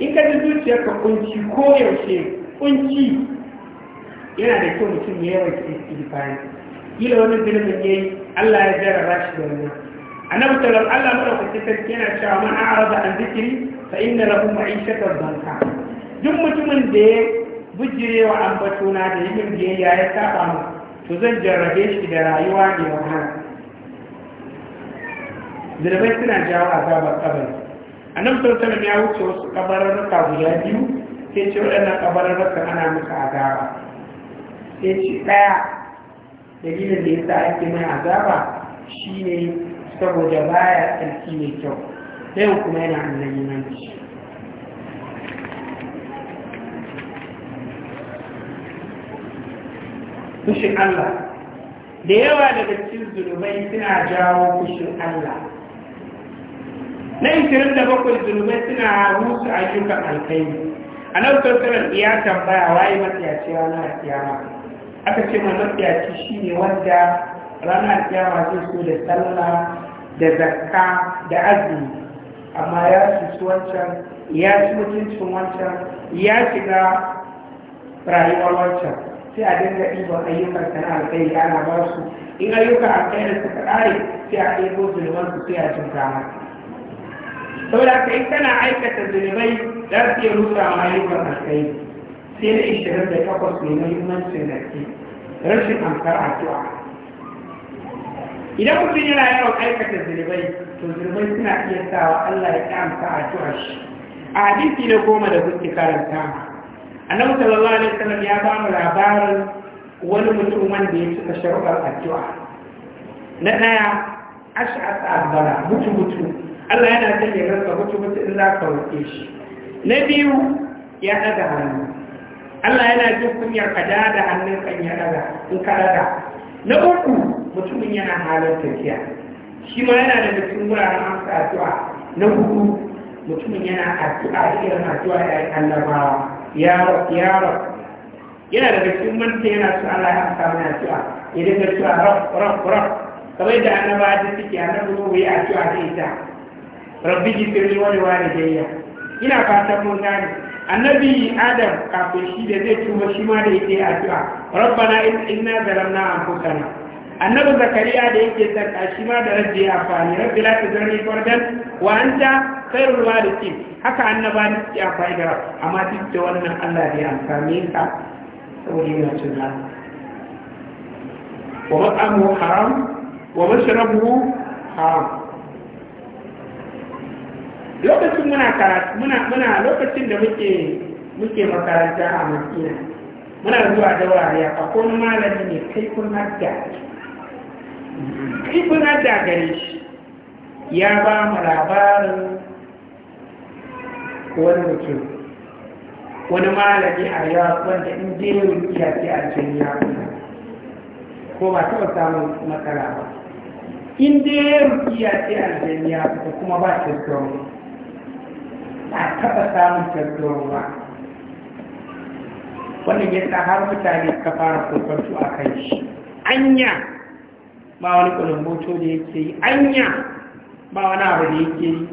in ka ji zuciyarka kunci ko yaushe kunci yana da kyau mutum ya yawan istighfari kila wani zulumin yi. Allah ya jarraba shi da wannan annabi sallallahu alaihi wasallam Allah madaukaki sarki yana cewa man a'rada an zikri fa inna lahu ma'ishatan dhanka duk mutumin da ya bujire wa ambatuna da yin biyayya ya saba mu to zan jarrabe shi da rayuwa ne wahala zirbai suna jawo azabar kabari a nan sautan ya wuce wasu kabararruka guda biyu sai ce waɗannan kabararruka ana muka azaba sai ce ɗaya dalilin da ya sa ake mai azaba shi ne saboda baya ƙarfi mai kyau ɗayan kuma yana nan da shi fushin Allah da yawa daga cikin zunubai suna jawo fushin Allah na 27 zunubai suna rusu shuka alkai a nan sassanar iya tambaya waye matsiyaci ranar kiyama aka ce ma matsayaci shi ne wanda ranar kiyama zai so da sallah da zakka da azumi amma ya su wancan ya ci mutuncin wancan ya shiga rayuwar wancan sai a dinga ɗiban ayyukan sana alkhairi ana ba su in ayyukan da suka ƙare sai a ɗebo zulman su sai a cin kama saboda ka in kana aikata zunubai za su iya rusa ma ayyukan alkhairi sai na ishirin da takwas mai muhimmancin ke rashin amsar addu'a idan mutum yana yawan aikata zunubai to zunubai suna iya sawa Allah ya ƙi amsa addu'a shi a hadisi na goma da kuke karanta annabi sallallahu alaihi wasallam ya ba mu labarin wani mutum wanda ya cika sharuɗar addu'a na daya ash'at al-bara mutu mutu Allah yana son ranka mutu mutu in za ka roƙe shi na biyu ya ɗaga hannu Allah yana jin kunyar ka da hannun kan ya ɗaga in ka ɗaga na uku mutumin yana halin tafiya shi ma yana da mutum wuraren amsa addu'a na hudu mutumin yana addu'a irin addu'a ya yi annabawa ya yana daga cikin manta yana su Allah ya amsa mana addu'a ya dinga cewa rab rab rab kamar da annaba da suke annabi ko yi a da ita rabbi gifirli wa liwalidayya ina fatan mun gane annabi adam kafin shi da zai tuba shi ma da yake addu'a rabbana inna zalamna anfusana Annabin zakariya da yake sarka shi ma da rabbi ya amfani rabbi la tazarni fardan wa anta khairul warithin haka annabani suke amfani da amma duk da wannan Allah ya amfani ka saboda yana cin wa mat'amuhu haram wa mashrabuhu haram lokacin muna karatu muna muna lokacin da muke muke makaranta a Madina muna zuwa dawariya akwai malami ne kai kun hadda ibn da gare shi ya ba mu labarin wani mutum wani malami a yawa wanda in je yin iyace a cikin ya ko ba taɓa samun matsala ba in dai ya rukiya sai aljaniya ko kuma ba tattaunawa ba taɓa samun tattaunawa wannan ya sa har mutane ka fara kokonto a kan shi anya ba wani moto da yake yi anya ba wani abu da yake yi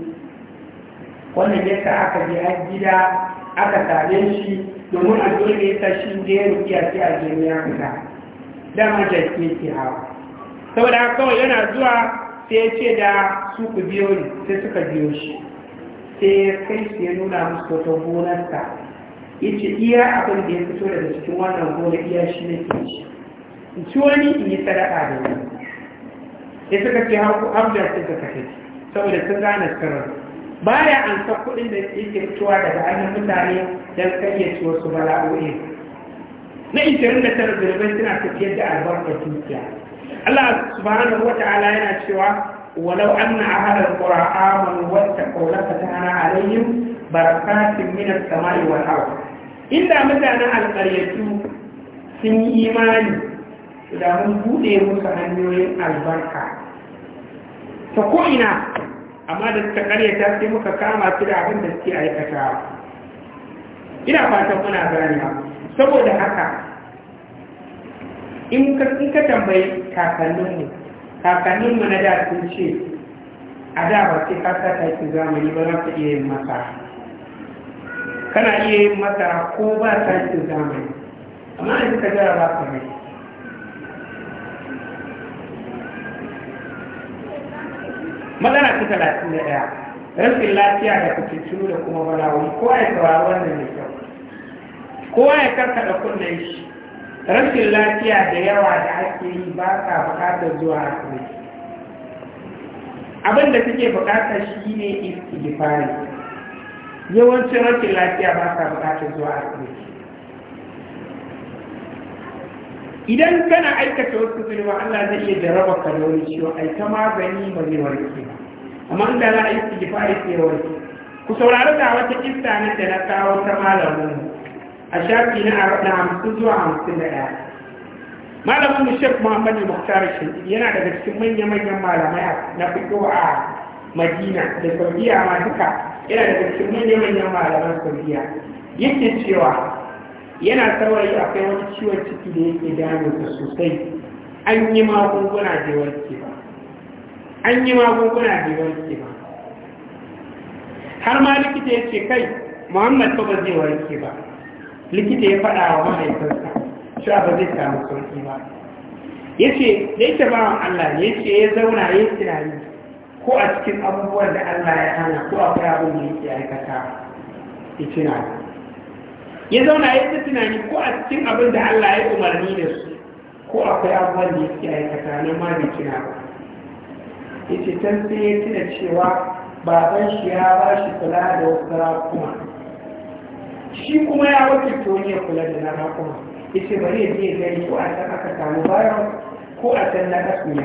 wannan yadda aka je gida aka same shi domin a dole ya tashi da ya rufi a a ajiyar ya fita dama jaske ke hawa saboda kawai yana zuwa sai ya ce da su ku biyo ni sai suka biyo shi sai ya kai su ya nuna musu hoton gonarsa ya ce iya abin da ya fito daga cikin wannan gona iya shi ne ke shi in ci wani in yi sadaka da wani ya suka ce hamdar sun ka kashe saboda sun gane sirrin baya an sa kuɗin da yake fitowa daga ainihin mutane don ya su wasu bala'o'i na 29 zirgin suna tafiyar da albarkar dukiya Allah subhanahu wa ta'ala yana cewa ولو أن أهل القرى آمنوا واتقوا لفتحنا عليهم بركات sama'i السماء والأرض inda mutanen القرية sun yi imani da mun buɗe musu hanyoyin albarka ta ko'ina amma da suka karyata sai muka kama su da abin da suke aikata ina fatan muna ganewa saboda haka in ka tambayi kakanninmu kakanninmu na da sun ce a da ba sai ka sa yi zamani ba za ka iya yin masa kana iya yin masa ko ba yi zamani amma in ka jara ba ka mai magana ta talatin da ɗaya rashin lafiya da fitintunu da kuma balawun kowa ya saurari wannan da kyau kowa ya karkaɗa kunnen shi rashin lafiya da yawa da ake yi ba ka buƙatar zuwa asibiti abin da suke buƙata shi ne istighfari yawancin rashin lafiya ba ka buƙatar zuwa asibiti idan kana aikata wasu zunuba Allah zai iya jaraba ka da wani ciwo ai ta magani ba zai warke amma inda za a yi istighfari sai ya warke ku saurari da wata kista ne da na kawo ta malamu. a shafi na hamsin zuwa hamsin da ɗaya malamin mu shek muhammad muhtar shindi yana daga cikin manya-manyan malamai na fito a madina da saudiya ma duka yana daga cikin manya-manyan malaman saudiya yake cewa yana saurayi akwai wani ciwon ciki da yake damunsa sosai an yi magunguna da warke ba an yi magunguna da warke ba har ma likita ya ce kai muhammad ba zai warke ba likita ya faɗa wa mahaifinsa shi ba zai samu sauki ba ya ce da yake wa allah ya ce ya zauna ya tunani ko a cikin abubuwan da allah ya hana ko akwai abin da yake aikata ya tunani ya zauna ya ta tunani ko a cikin abin da Allah ya umarni da su ko akwai abubuwan da ya fi aikata na ma da kina ba ya ce can sai ya tuna cewa baban shi ya ba shi kula da wasu kuma. shi kuma ya wata wani ya kula da na rakuma ya ce bari ya je gani ko a can aka samu bayan ko a can na kasuwa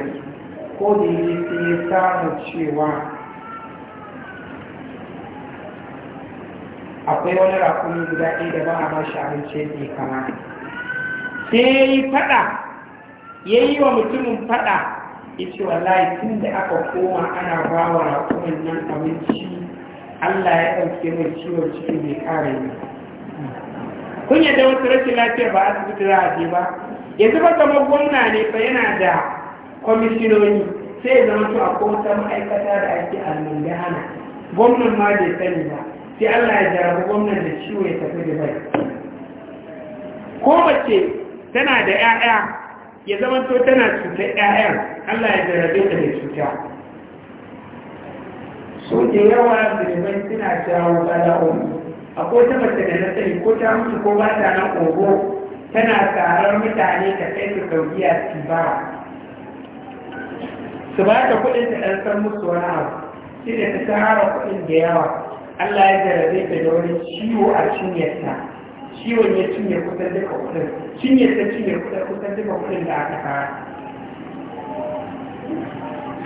ko da ya ce ya samu cewa akwai wani rakumi guda ɗaya da ba a ba shi abinci yadda ya kamata sai ya yi faɗa ya yi wa mutumin faɗa ya ce wallahi tun da aka koma ana ba wa rakumin nan abinci allah ya ɗauke mai ciwon cikin bai ƙara yi kun yadda wasu rashin lafiya ba asibiti za a je ba yanzu ba kamar gwamna ne fa yana da kwamishinoni sai ya zama to a kowace ma'aikata da ake almundana gwamnan ma bai sani ba sai Allah ya jarabu gwamnan da ciwo ya tafi da bai ko mace tana da 'ya'ya ya zama to tana cutar 'ya'yan Allah ya jarabe ta da cuta so da yawa mai suna jawo bala'o'i akwai ta mace da na sani ko ta mutu ko ba ta nan ogo tana tsarar mutane ta kai su a su ba su ba ta kuɗin ta ɗan san musu wani abu shi da ta tara kuɗin da yawa Allah ya jarabe ta da wani ciwo a cinyarta ciwon ya cinye kusan duka kudin cinyarta cinye kusan duka kudin da aka fara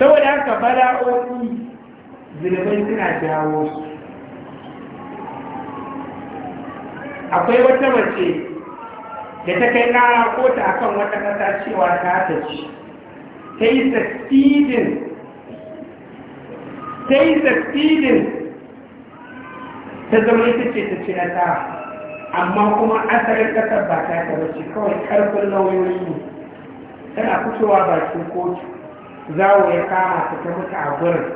saboda haka bala'o'i zunubai suna jawo su akwai wata mace da ta kai kara ta akan wata kasa cewa ta ta ci ta yi succeeding ta yi succeeding ta zama ita ce ta ci nasara amma kuma asalin ƙasar ba ta ta bace kawai karfin lauyoyi ne tana fitowa bakin kotu mu ya kama ta ta mutu a gurin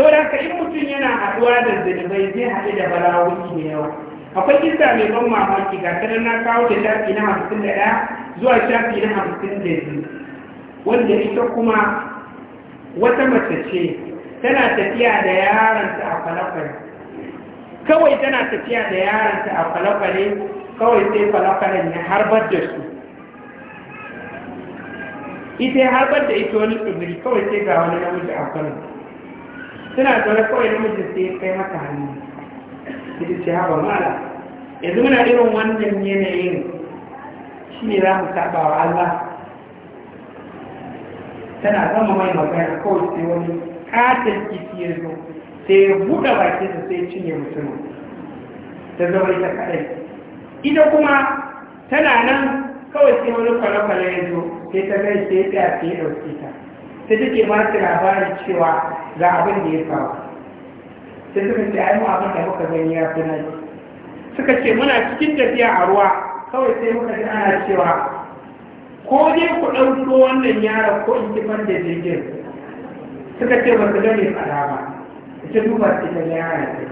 da ka in mutum yana haɗuwa da zunubai zai haɗu da bala'o'i da yawa akwai kisa mai ban mamaki ga na kawo da shafi na hamsin da ɗaya zuwa shafi na hamsin da biyu wanda ita kuma wata mace ce tana tafiya da yaranta a kwale-kwale kawai tana tafiya da yaranta a kwale-kwale kawai sai kwale ne har harbar da su ita ya harbar da ita wani tsibiri kawai sai ga wani namiji a kwale suna zaune kawai namiji sai ya kai maka hannu ita ce haɓa mala yanzu muna irin wannan yanayin shi ne za mu saba wa Allah tana zama mai magana kawai sai wani katin kifi ya zo sai ya buɗe bakinsa sai cinye mutumin ta zama ita kaɗai ita kuma tana nan kawai sai wani kwale-kwale ya zo sai ta mai sai ya tsaya sai ya ta sai take ma ta labari cewa ga abin da ya faru sai suka ce ai mu abin da muka gani ya fi nan suka ce muna cikin tafiya a ruwa kawai sai muka ji ana cewa ko dai ku ɗauko wannan yaron ko in kifar da jirgin suka ce ba su gane fada ba ita duba ce ta gyara ce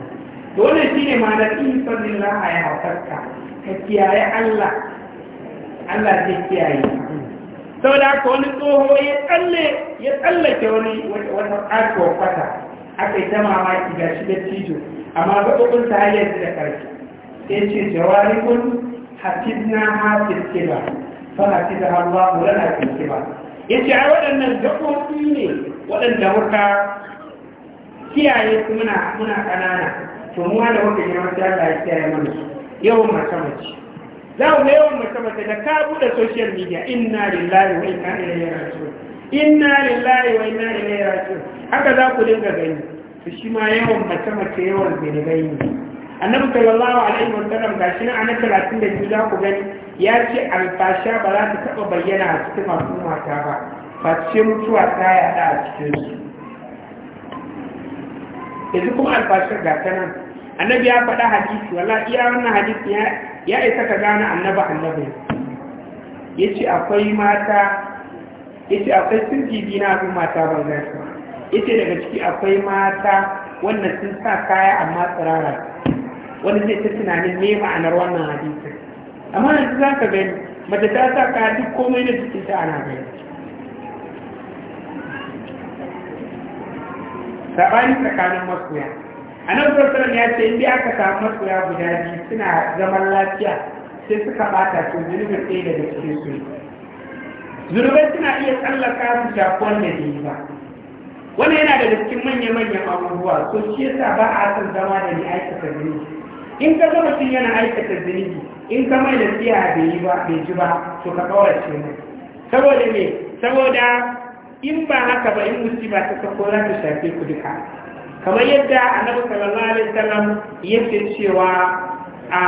dole shi ne ma na ƙin sanin laha ya haukarka ka kiyaye Allah Allah ce kiyaye saboda haka wani tsoho ya tsalle ya tsallake wani wata wa kwata aka yi ta mamaki ga shi da cijo amma gaɓoɓin ta hanyar da ƙarfi Ya ce jawarikun hafizna hafiz kiba fa hafiz ke ba Ya ce a waɗannan gaɓoɓi ne waɗanda muka kiyaye su muna muna ƙanana to mu da wata girma wata Allah yi kiyaye mana yawan mace mace za mu ga yawan mace mace da ka buɗe social media inna lillahi wa inna ilaihi raji'un inna lillahi wa inna ilaihi raji'un haka za ku dinga gani to shi ma yawan mace mace yawan gani ne annabi sallallahu alaihi wa sallam gashi nan ana 32 za ku gani ya ce alfasha ba za ta taɓa bayyana a cikin masu ta ba face mutuwa ta yada a cikinsu yanzu kuma albashir ga ta annabi ya faɗa hadisi wala iya wannan hadisi ya isa ka gane annaba annabi ya ce akwai mata ya ce akwai sun jibi na abin mata ban gasa ya ce daga ciki akwai mata wannan sun sa kaya amma tsirara wani zai ta tunanin ne ma'anar wannan hadisi amma yanzu za ka gani mace ta sa kaya duk komai na jikinta ana gani sabani tsakanin masoya annabi sallallahu ya ce in aka samu masoya guda biyu suna zaman lafiya sai suka bata su zunubin ɗaya daga cikin su zunubai suna iya tsallaka su shafi da yi ba wannan yana daga cikin manya-manyan abubuwa so shi yasa ba a san zama da ni aikata zunubi in ka zama mutum yana aikata zunubi in ka mai da tsiya bai ji ba to ka ce ne saboda me saboda in ba haka ba in ba ta sako za ta shafe ku duka kamar yadda annabi sallallahu alaihi wasallam yake cewa a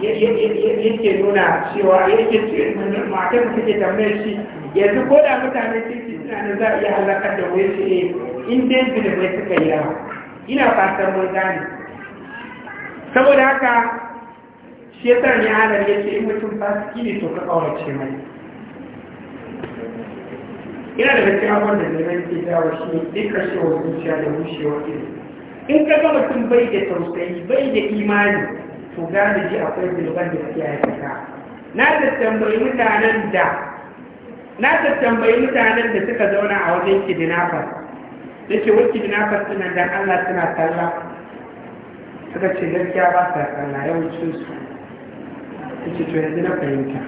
yake nuna cewa yake ce matar mu take tambayar shi yanzu ko da mutane sun ci suna nan za a iya halakar da wai shi eh, in dai bi da bai suka yi yawa ina fatan mun gane saboda haka shi yasa ne alar yace in mutum fasiki ne to ka ce mai ina da cikin abin da neman ke dawo shi ne duk wa zuciya da bushewar ido in ka ga mutum bai da tausayi bai da imani to ji akwai zulban da suke aikata na tattambayi mutanen da na tattambayi mutanen da suka zauna a wajen kidnappers da ke wani kidnappers suna da allah suna talla suka ce gaskiya ba sa talla yawancin su ta ce to yanzu na fahimta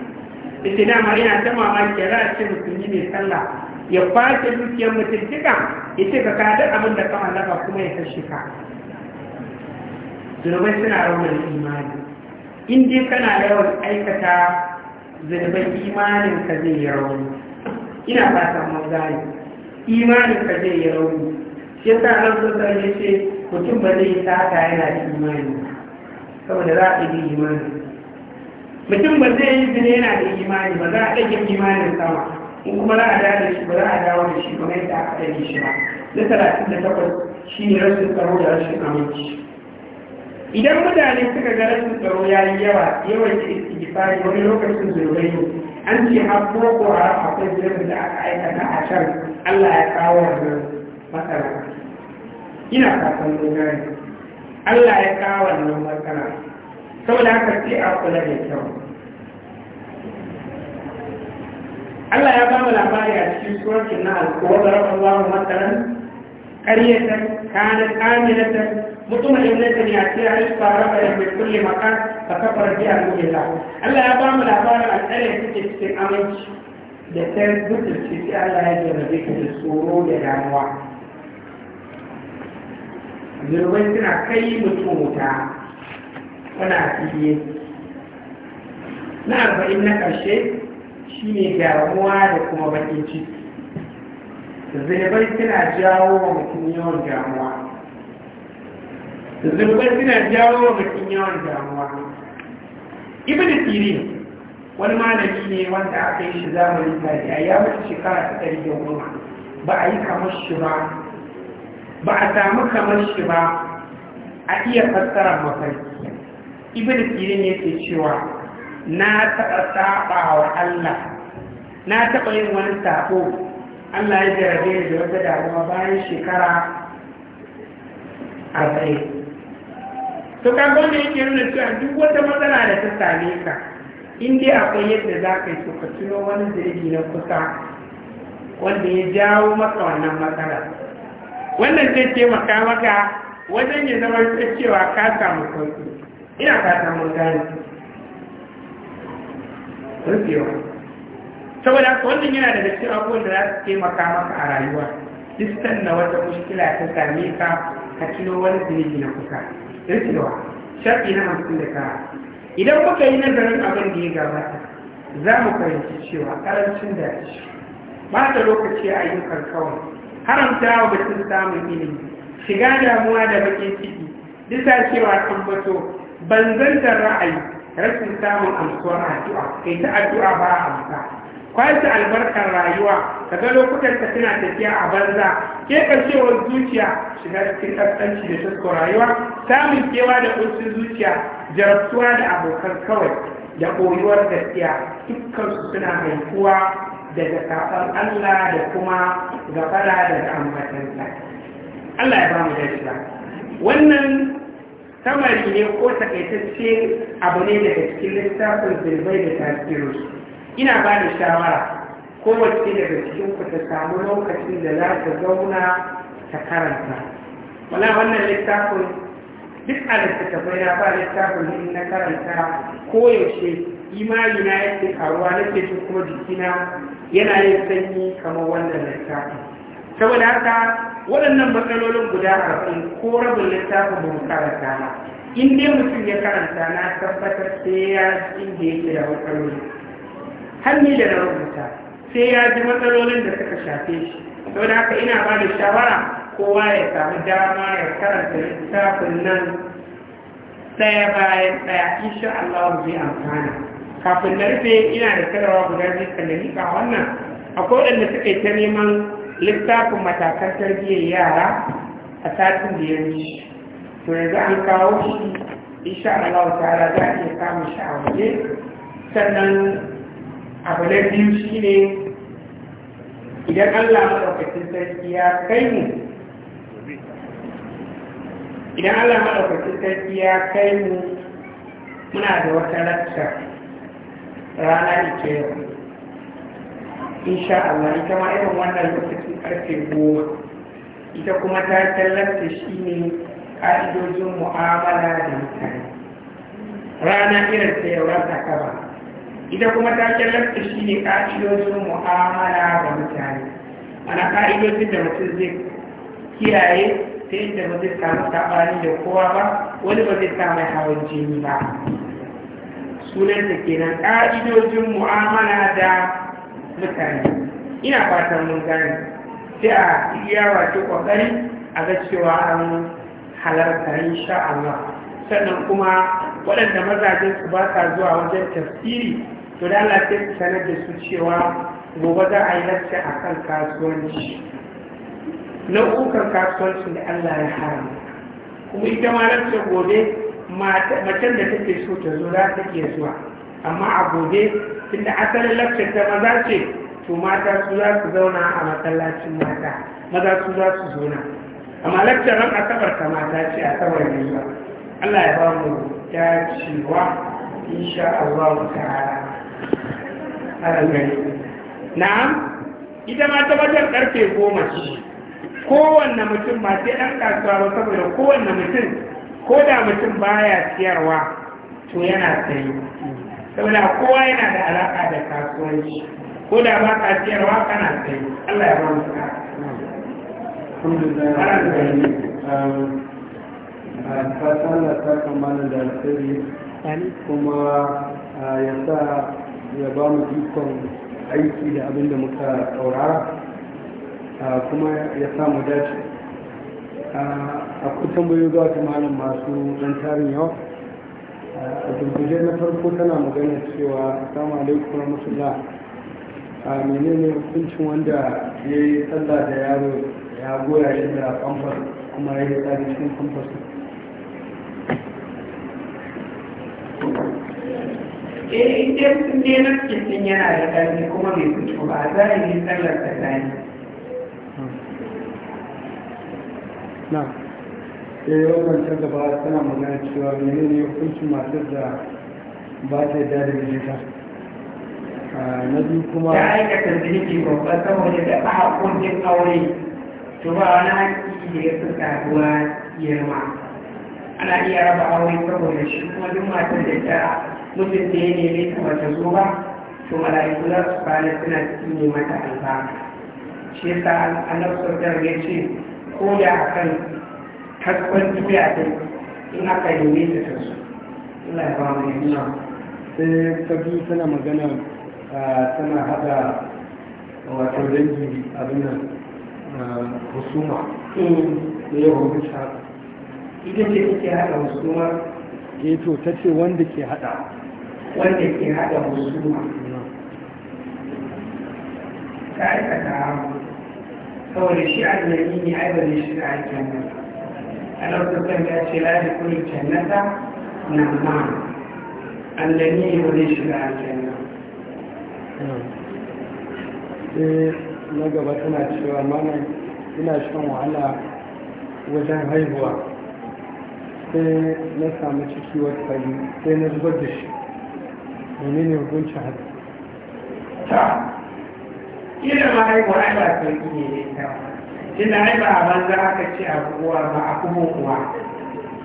ita dama ina ta mamaki ya za a ce musulmi mai sallah ya kwace dukiyar mutum cika, ya ce ka abin da ka halaka kuma ya kashe ka zunubai suna raunar imani in dai kana yawan aikata zunubai imanin ka zai yi rauni ina ba ta mazari imanin ka zai yi rauni shi yasa nan sun ya ce mutum ba zai sata yana da imani saboda za a yi imani mutum ba zai yi zina yana da imani ba za a ɗage imanin sama in kuma na da da shi ba za a dawo da shi kuma yadda aka ɗage shi ba na talatin da takwas shi ne rashin tsaro da rashin aminci idan mutane suka ga rashin tsaro ya yi yawa yawan istighfari wani lokacin zurbai an ce har a haram akwai zirin da aka aikata a can allah ya kawo wannan matsala ina fatan dogari allah ya kawo wannan matsala saboda haka sai a kula da kyau Allah ya bamu labari a cikin na suratul nahl wa daraba Allahu matalan qaryatan kanat aminatan mutma'innatan yatiha rizqa rabbaha min kulli makan fa kafara bi anbiya Allah ya bamu labarin alƙaryar take cikin aminci da ta mutunci sai Allah ya gina zai da tsoro da damuwa zunubai suna kai mutum wuta suna fiye na arba'in na ƙarshe ne damuwa da kuma bakin ciki zunubai suna jawo wa mutum yawan damuwa zunubai suna jawo wa mutum yawan damuwa ibn sirin wani malami ne wanda aka yi shi zamanin tabi'a ya mutu shekara ta ɗari da goma ba a yi kamar shi ba ba a samu kamar shi ba a iya fassara mafarki ibn sirin ce cewa na taɓa saɓa wa allah na taɓa yin wani sako allah ya jarabe da wata damuwa bayan shekara arba'in to kan gwamna yake nuna cewa duk wata matsala da ta same ka in akwai yadda za ka yi to ka tuno wani zirgi na kusa wanda ya jawo maka wannan matsala wannan zai taimaka maka wajen ya zama cewa ka samu sauki ina ka samu gani rufewa saboda haka wannan yana daga cikin abubuwan da za su taimaka maka a rayuwa distan na wata mushkila ta same ka ka kilo wani zunubi na kusa rikidowa sharɗi na hamsin da tara idan muka yi nazarin abin da ya gabata za mu fahimci cewa ƙarancin da ba da lokaci a yi kawai haramta wa batun samun ilimi shiga damuwa da bakin ciki da cewa tambato banzantar ra'ayi rashin samun amsuwar addu'a kai ta addu'a ba a amsa kwashe albarkar rayuwa ka ga lokutan ka suna tafiya a banza ke karshewar zuciya shiga cikin kaskanci da tusko rayuwa samun kewa da ƙunshin zuciya jarabtuwa da abokan kawai da koyuwar gaskiya dukkansu suna haifuwa daga kafar Allah da kuma gafara daga ambatansa Allah ya ba mu dacewa wannan samari ne ko takaitacce abu ne daga cikin littafin zirbai da tasirinsu ina ba da shawara kowace daga cikin ku ta samu lokacin da za ta zauna ta karanta wala wannan littafin duk a littattafai na ba littafin ne na karanta koyaushe imani na yake karuwa nake shi kuma jikina yana yin sanyi kamar wannan littafin saboda haka waɗannan matsalolin guda arba'in ko rabin littafin ba mu karanta in dai mutum ya karanta na tabbatar sai ya inda yake da matsaloli har ni da na rubuta sai ya ji matsalolin da suka shafe shi sau da haka ina ba da shawara kowa ya samu dama ya karanta littafin nan ɗaya bayan ɗaya insha Allah zai amfana kafin na rufe ina da karawa guda zai kan da wannan akwai waɗanda suka yi ta neman littafin matakan tarbiyyar yara a satin da ya yi to yanzu an kawo shi insha Allah ta'ala za a iya samun shi a waje sannan abu na biyu shi ne idan allah maɗaukacin sarki ya kai mu idan allah maɗaukacin sarki ya kai mu muna da wata lakta rana ike yau insha allah ita ma irin wannan lokacin karfe goma ita kuma ta tallata shi ne ƙa'idojin mu'amala da mutane rana irin ta yau rasa kaba ita kuma ta kyallasta shi ne ƙa'idojin mu'amala ga mutane ana ƙa'idojin da mutum zai kiyaye ta yadda ba zai samu saɓani da kowa ba wani ba zai samu hawan jini ba Sunan sunanta kenan ƙa'idojin mu'amala da mutane ina fatan mun gane sai a iya wato ƙoƙari a ga cewa an halarta insha Allah sannan kuma waɗanda mazajen su ba sa zuwa wajen tafsiri to da Allah sai da su cewa gobe za a yi lacce a kan kasuwanci nau'ukan kasuwanci da Allah ya haram kuma ita ma lacce gobe macen da take so ta zo za ta iya zuwa amma a gobe tunda asalin lacce ta maza ce to mata su za su zauna a masallacin mata maza su za su zauna amma lacce ran asabar ta mata ce asabar ne zuwa Allah ya ba mu dacewa insha Allah ta'ala a gani na'am ita ma ta wajen karfe goma ce kowanne mutum ba sai ɗan kasuwa ba saboda kowanne mutum ko da mutum baya siyarwa to yana sayi. saboda kowa yana da alaƙa da kasuwanci ko da ba ka siyarwa kana sayi. Allah ya ba mu ka
ta sallar kamar da kuma uh, ya sa ya ba mu ikon aiki da abin da muka taurara kuma ya samu dace a kusan bayu zuwa ta malam masu ɗan tarin yau a dubbuje na farko tana magana cewa assalamu alaikum rahmatullah a menene hukuncin wanda ya yi tsalla da yaro ya goya yadda kamfas kuma ya yi tsari cikin kamfas
eh in dai sun dai nafkin yana da ƙarfi kuma bai fito ba za a yi sallar da zani
na
eh wannan ta gaba tana magana cewa ne-ne-ne hukuncin matar da ba ta yarda da mijinta ah, na biyu kuma
ta aikata zirki babba saboda da ba hukuncin aure to ba wani haƙƙi da ya fi ƙaruwa girma ana iya raba aure saboda shi kuma duk matar da ta mutum da ya neme ta bata zo ba to mala'iku za su kwana suna cikin mata albarka shi yasa annabi sallallahu ya ce ko da akan kaskon tuya din in aka neme ta ta su ina ba mu nuna
sai ta biyu tana magana tana hada wato dangi abin nan husuma da yawan
bisa ita ce take hada husuma
eh to ta ce wanda ke hada wanda ke haɗa husuma
ka aikata abu saboda shi annabi ne ai ba zai shiga aljanna a lokacin da ce la da kullu jannata na ma annabi ne ba zai shiga aljanna
na gaba tana cewa mana ina shan wahala wajen haihuwa sai na samu ciki wata sai na zubar da shi menene hukuncin haka
ta
ina ma ai ko ai ba sai ne ne ta ina ai ba banza aka ce a abubuwa ba a kuma kuwa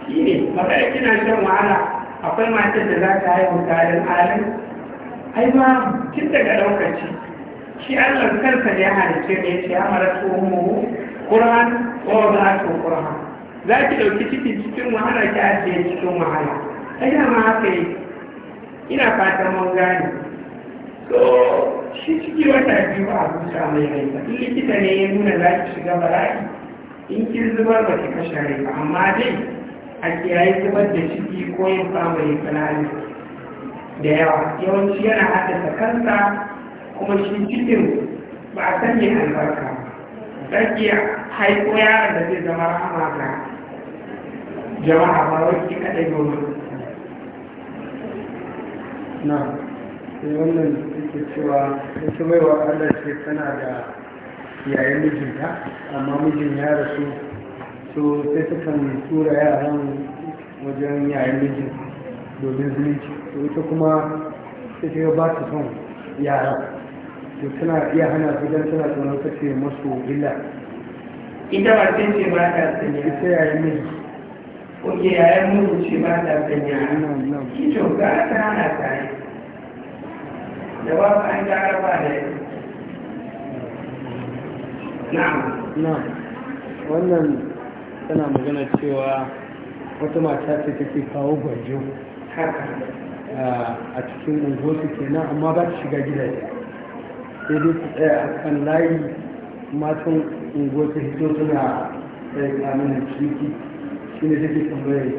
shine magana kina shan wahala akwai matar da za ta haihu tarin alin ai ma tun daga lokaci shi Allah kansa ya halice ne ya ce amara tsohon Qur'an wa za ta Qur'an za ki dauki ciki cikin wahala ki ajiye cikin wahala ai ma haka yi ina fatan mun gane so shi ciki wata biyu a busa mai rai in likita ne ya nuna za ki shiga bala'i in kin zubar ba ki kashe rai ba amma dai a kiyaye zubar da ciki ko yin samun sana'ari da yawa yawanci yana haddasa kansa kuma shi cikin ba a san yin albarka ba zaki haiko yaron da zai zama rahama ga jama'a ba wai ki kaɗai domin
na sai wannan suke cewa wata baiwa allah ce tana da ya'yan mijinta amma mijin ya rasu so sai sukan tura yaran wajen ya'yan mijin domin zumunci to ita kuma sai ta ba ta son yara to tana iya hana su don tana tsoron kace masu illa
ita ba ce ba ta sanya ita ya'yan mijin kuke yayan mutu ce ba ta sanya hannu kito ga ta hana tare da ba ba an gara ba
da
na'am wannan tana magana cewa wata mata ce take kawo gwanjo a cikin unguwarsu kenan amma ba ta shiga gidaje sai dai su tsaya a kan layi matan unguwarsu hito suna tsaye kamunan ciki shi ne take tambayar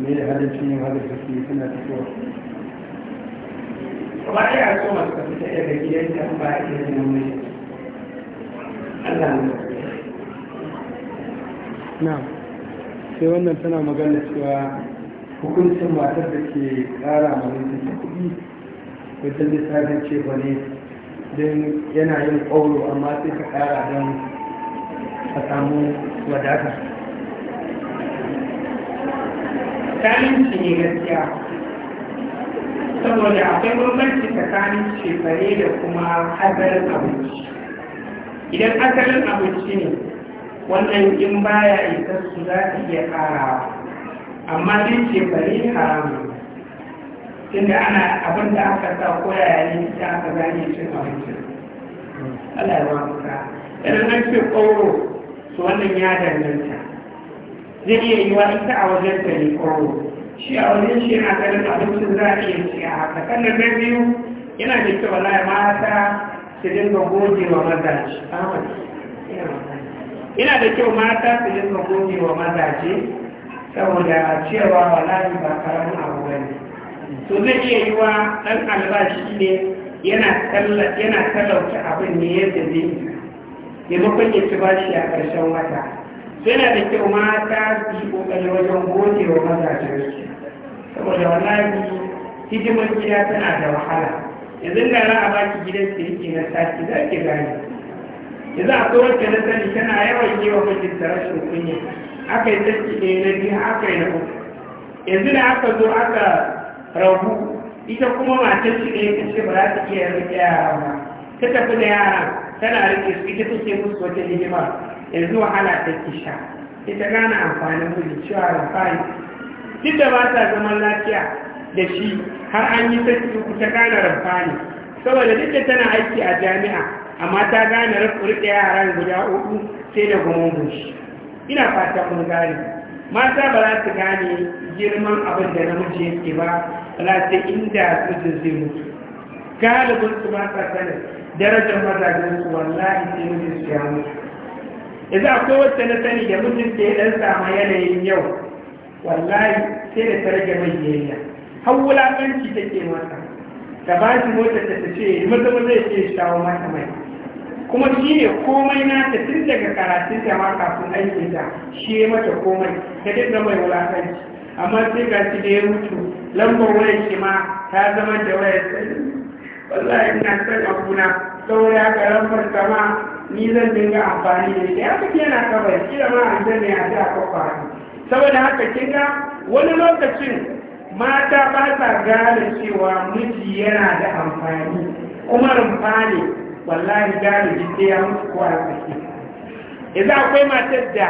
me da halittar yin halittar suke suna fitowa
ba ya so masu ka fita daga gidanta ba a iya jin mai Allah ne
na sai wannan tana magana cewa hukuncin matar da ke kara malinta ta kuɗi wajen lissafin ce ba ne don yana yin ƙauro amma sai ka kara don a samu wadata
tsakaninsu ne gaskiya saboda akwai bambanci tsakanin shekare da kuma asalin abinci idan asalin abinci ne wannan in baya isa su za ta iya karawa amma dai shekare haramu tunda ana abin da aka sa koyaya ne ta aka gane cin abincin Allah ya ba mu ka idan an ce ƙoro su wannan ya danganta zai iya yi wa ita a wajen ta ne shi a wajen shi yana da abincin za a iya ci a haka sannan na biyu yana da kyau wala mata su dinga goge wa mazaje yana da kyau mata su dinga goge wa mazaje saboda cewa wala ba karamin abu ba ne to zai iya yi wa ɗan albashi ne yana talauta abin ne yadda zai yi maimakon ya ci bashi a ƙarshen wata yana da kyau mata su yi kokari wajen goce wa mazajen su saboda wallahi hidimar gida tana da wahala yanzu da za a baki gidan ki yake na sati za ki gane yanzu akwai wacce na sani tana yawan yi wa mijinta rashin kunya aka yi sarki ɗaya na biyu aka yi na uku yanzu da aka zo aka rabu ita kuma matar shi ɗaya ta ce ba za ta iya rike yara ba ta tafi da yara tana rike su ita take musu wata hidima yanzu wahala ke sha ita gane amfanin mulki cewa fari duk da ba ta zaman lafiya da shi har an yi saki uku ta gane rafani saboda duk da tana aiki a jami'a amma ta gane rike yaran guda uku sai da gumungun ina fata mun gane mata ba za su gane girman abin da namiji yake ba ba za inda su zai mutu galibin su ba sa sanin darajar mazajen su wallahi sai mutu su ya mutu yanzu akwai wacce na sani da mutum ya dan sama yanayin yau wallahi sai da ta rage mai yayya har wulaƙanci take mata ta ba shi mota ta ce maza maza ya ce shawo mata mai kuma shi ne komai ta tun daga karatun da ma kafin aikin ta shi ya mata komai ta dinga mai wulakanci amma sai ga shi da ya mutu lambar wayar shi ma ta zama da wayar wallahi ina son abuna saboda haka ran kama ni zan dinga amfani da shi haka ke yana kabar shi da ma an zane a ji a kwakwara saboda haka kin ga wani lokacin mata ba sa gane cewa miji yana da amfani kuma rumfa ne wallahi galibi sai ya mutu ko a tsaki idan akwai matar da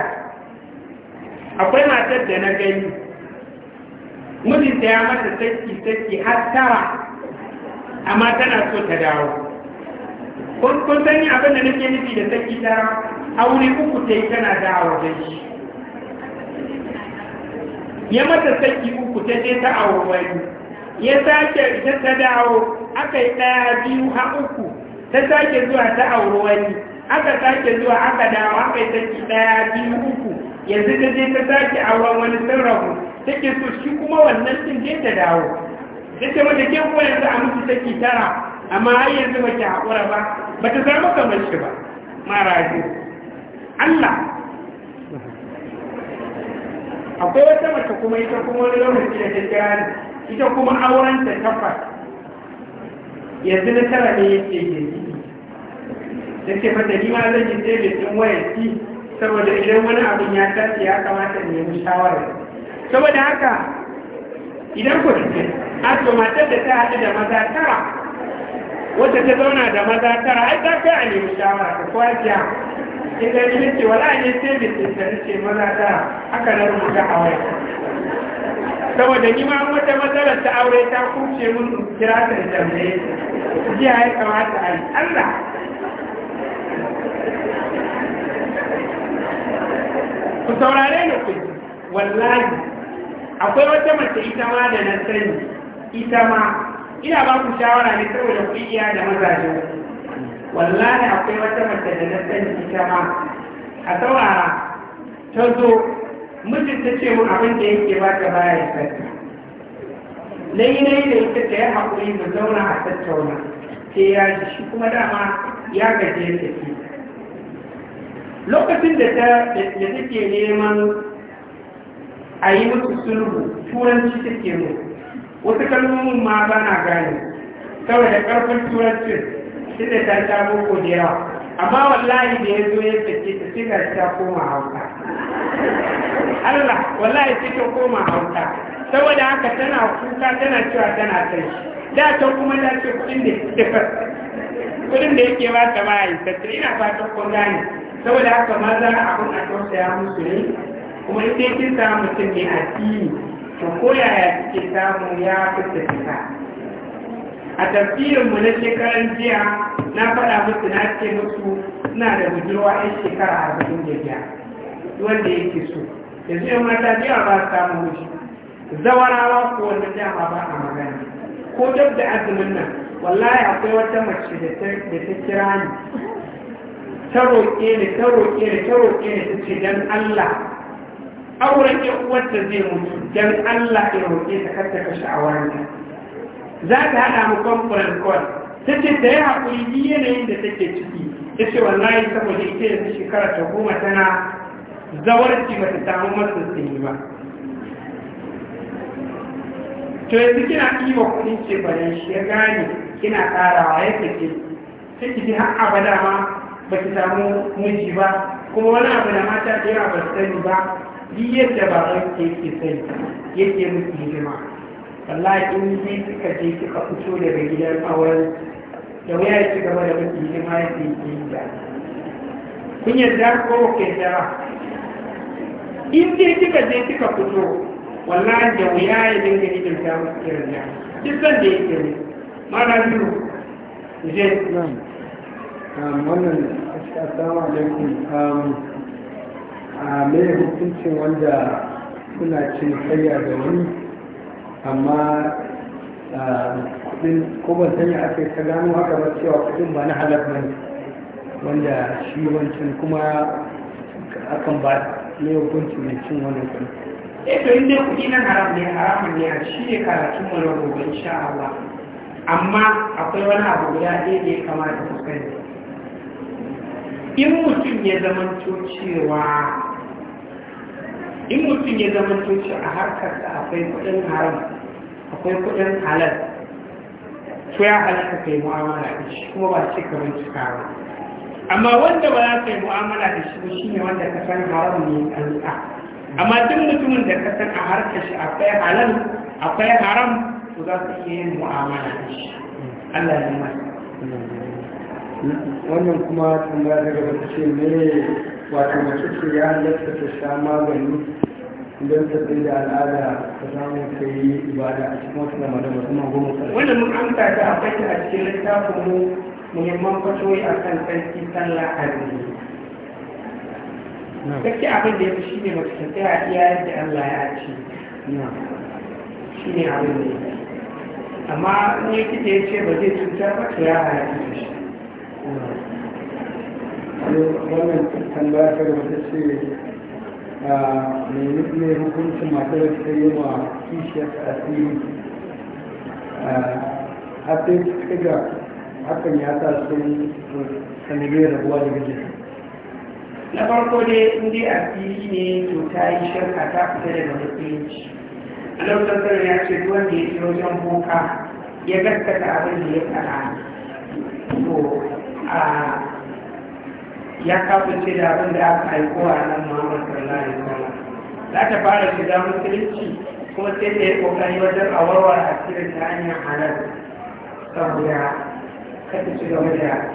akwai matar da na gani ta ya mata saki saki har tara amma tana so ta dawo kun sani abin da nake nufi da saki ta aure uku ta yi tana dawo da shi ya mata saki uku ta je ta aure wani ya sake ita ta dawo aka yi ɗaya biyu ha uku ta sake zuwa ta aure wani aka sake zuwa aka dawo aka yi saki ɗaya biyu uku yanzu ta je ta sake auren wani sarrafu take so shi kuma wannan sun je ta dawo na mace mata ke kuma yanzu a mutu take tara amma har yanzu ba ki haƙura ba ba ta zama kamar shi ba mara ji Allah akwai wata mace kuma ita kuma wani lokaci da ta kira ni ita kuma auren ta tabbas yanzu na tara ne yake
yi
da ke mata ni ma zan yi sai mai tsin wayar saboda idan wani abin ya tafi ya kamata ne mu shawara saboda haka idan ku ce a matar da ta haɗu da maza tara wata ta zauna da maza tara ai ta kai a nemi shawara ta kwajiya in ga ne ce wala ne sai bisin ta ce maza tara haka na rubuta a waya saboda ni ma wata matsalar ta aure ta kuce mun kira ta da jami'ai jiya ya kamata a yi Allah ku saurare ni ku wallahi akwai wata mace ita ma da na sani ita ma ina ba ku shawara ne saboda da iya da mazaje wallahi akwai wata mace da na sani ita ma a saurara ta zo mijin ta ce mu abin da yake ba ta baya ya Na na yi da ita ta yi haƙuri da zauna a tattauna sai ya ji shi kuma dama ya gaje ta ke lokacin da ta da take neman a yi musu sulhu turanci take mu wasu kalmomin ma ba na gane saboda karfin turancin shi da ta ta boko da yawa amma wallahi da ya zo ya sake ta ce ga ta koma hauka Allah wallahi sai ta koma hauka saboda haka tana kuka tana cewa tana kai da ta kuma ta ce kudin da ya kudin da yake ba ta ba ta ina fatan kun gane saboda haka maza abin a tausaya musu ne kuma ita yake samun samu mutum a addini to ko yaya kike samu ya fita fita a tafiyar mu na shekaran jiya na faɗa musu na ce musu suna da budurwa 'yan shekara a da biyar wanda yake so yanzu yan mata da ba su samu miji zawarawa ko wanda dama ba a magana ko duk da azumin nan wallahi akwai wata mace da ta kira ni ta roƙe ni ta roƙe ni ta roƙe ni ta ce don Allah auren yan uwarta zai mutu don Allah ya roƙe ta kar ta kashe a wani za ta haɗa mu conference call ta ce ta yi haƙuri ni yanayin da take ciki ta ce wallahi saboda ita yanzu shekara ta goma tana zawarci ba ta samu masu ba to yanzu kina ɗiba kuɗin ce ya shi ya gane kina ƙarawa ya take ta ki ji har abada ma ba ki samu miji ba kuma wani abu da mata da yawa ba su sani ba duk yadda ce ke sai yake musu hidima wallahi in ji suka je suka fito daga gidan auren da waya ya ci gaba da musu hidima ya ke yi da kun yarda ko ke jara in ji suka je suka fito wallahi da waya ya dinga hidimta ta kiran da duk san da yake ne na biyu je
wannan assalamu alaikum um, a mai hukuncin wanda suna cin tsayya da wani amma kudin ko ban sanya ake ta gano haka ba cewa kudin ba na halar ne wanda shi wancan kuma akan ba mai hukunci mai cin wannan kudin
ebe eh, to inda kudi nan haram ne haramun ne a shi ne karatun mu na gobe insha Allah amma akwai wani abu guda ɗaya da ya kamata ku sani in mutum ya zama cewa in mutum ya zama tunci a harkar da akwai kudin haram akwai kudin halal to ya halatta kai mu'amala da shi kuma ba ce kamar cika ba amma wanda ba za ka yi mu'amala da shi shi ne wanda ka san haram ne a sa amma duk mutumin da ka san a harkar shi akwai halal akwai haram to za ka iya yin mu'amala da shi Allah ya yi mai
wannan kuma ba daga wata ce ne wato mace ce ya halatta ta sha magani don ta tsaye da al'ada ta samu ta yi ibada a cikin wasu zama da musamman goma sarki. Wanda mun
amsa ta a ta a cikin littafin mu muhimman fatoyi a kan sarki sallah azumi. Sarki abin da ya fi shi ne mace ta tsaya iya yadda Allah ya ci. Shi ne abin da ya fi. Amma in ya ce ba zai cuta ba to ya halatta shi.
wannan tambaya ta gaba ta ce ah, ne hukuncin matar da ta yi wa kishiyar asiri a ah, sai suka ga hakan ya sa sun sanadiyar rabuwa daga jiki
na farko ne in dai asiri ne to ta yi shirka ta fita daga musulunci a lokacin ya ce duk wanda ya je wajen boka ya gaskata abin da ya fara to a ah, ya kafirce da abin da aka aiko a nan muhammad sallallahu alaihi wasallam za ta fara shiga musulunci kuma sai ta yi kokari wajen a warware asirin ta hanyar halal saboda kada ci gaba da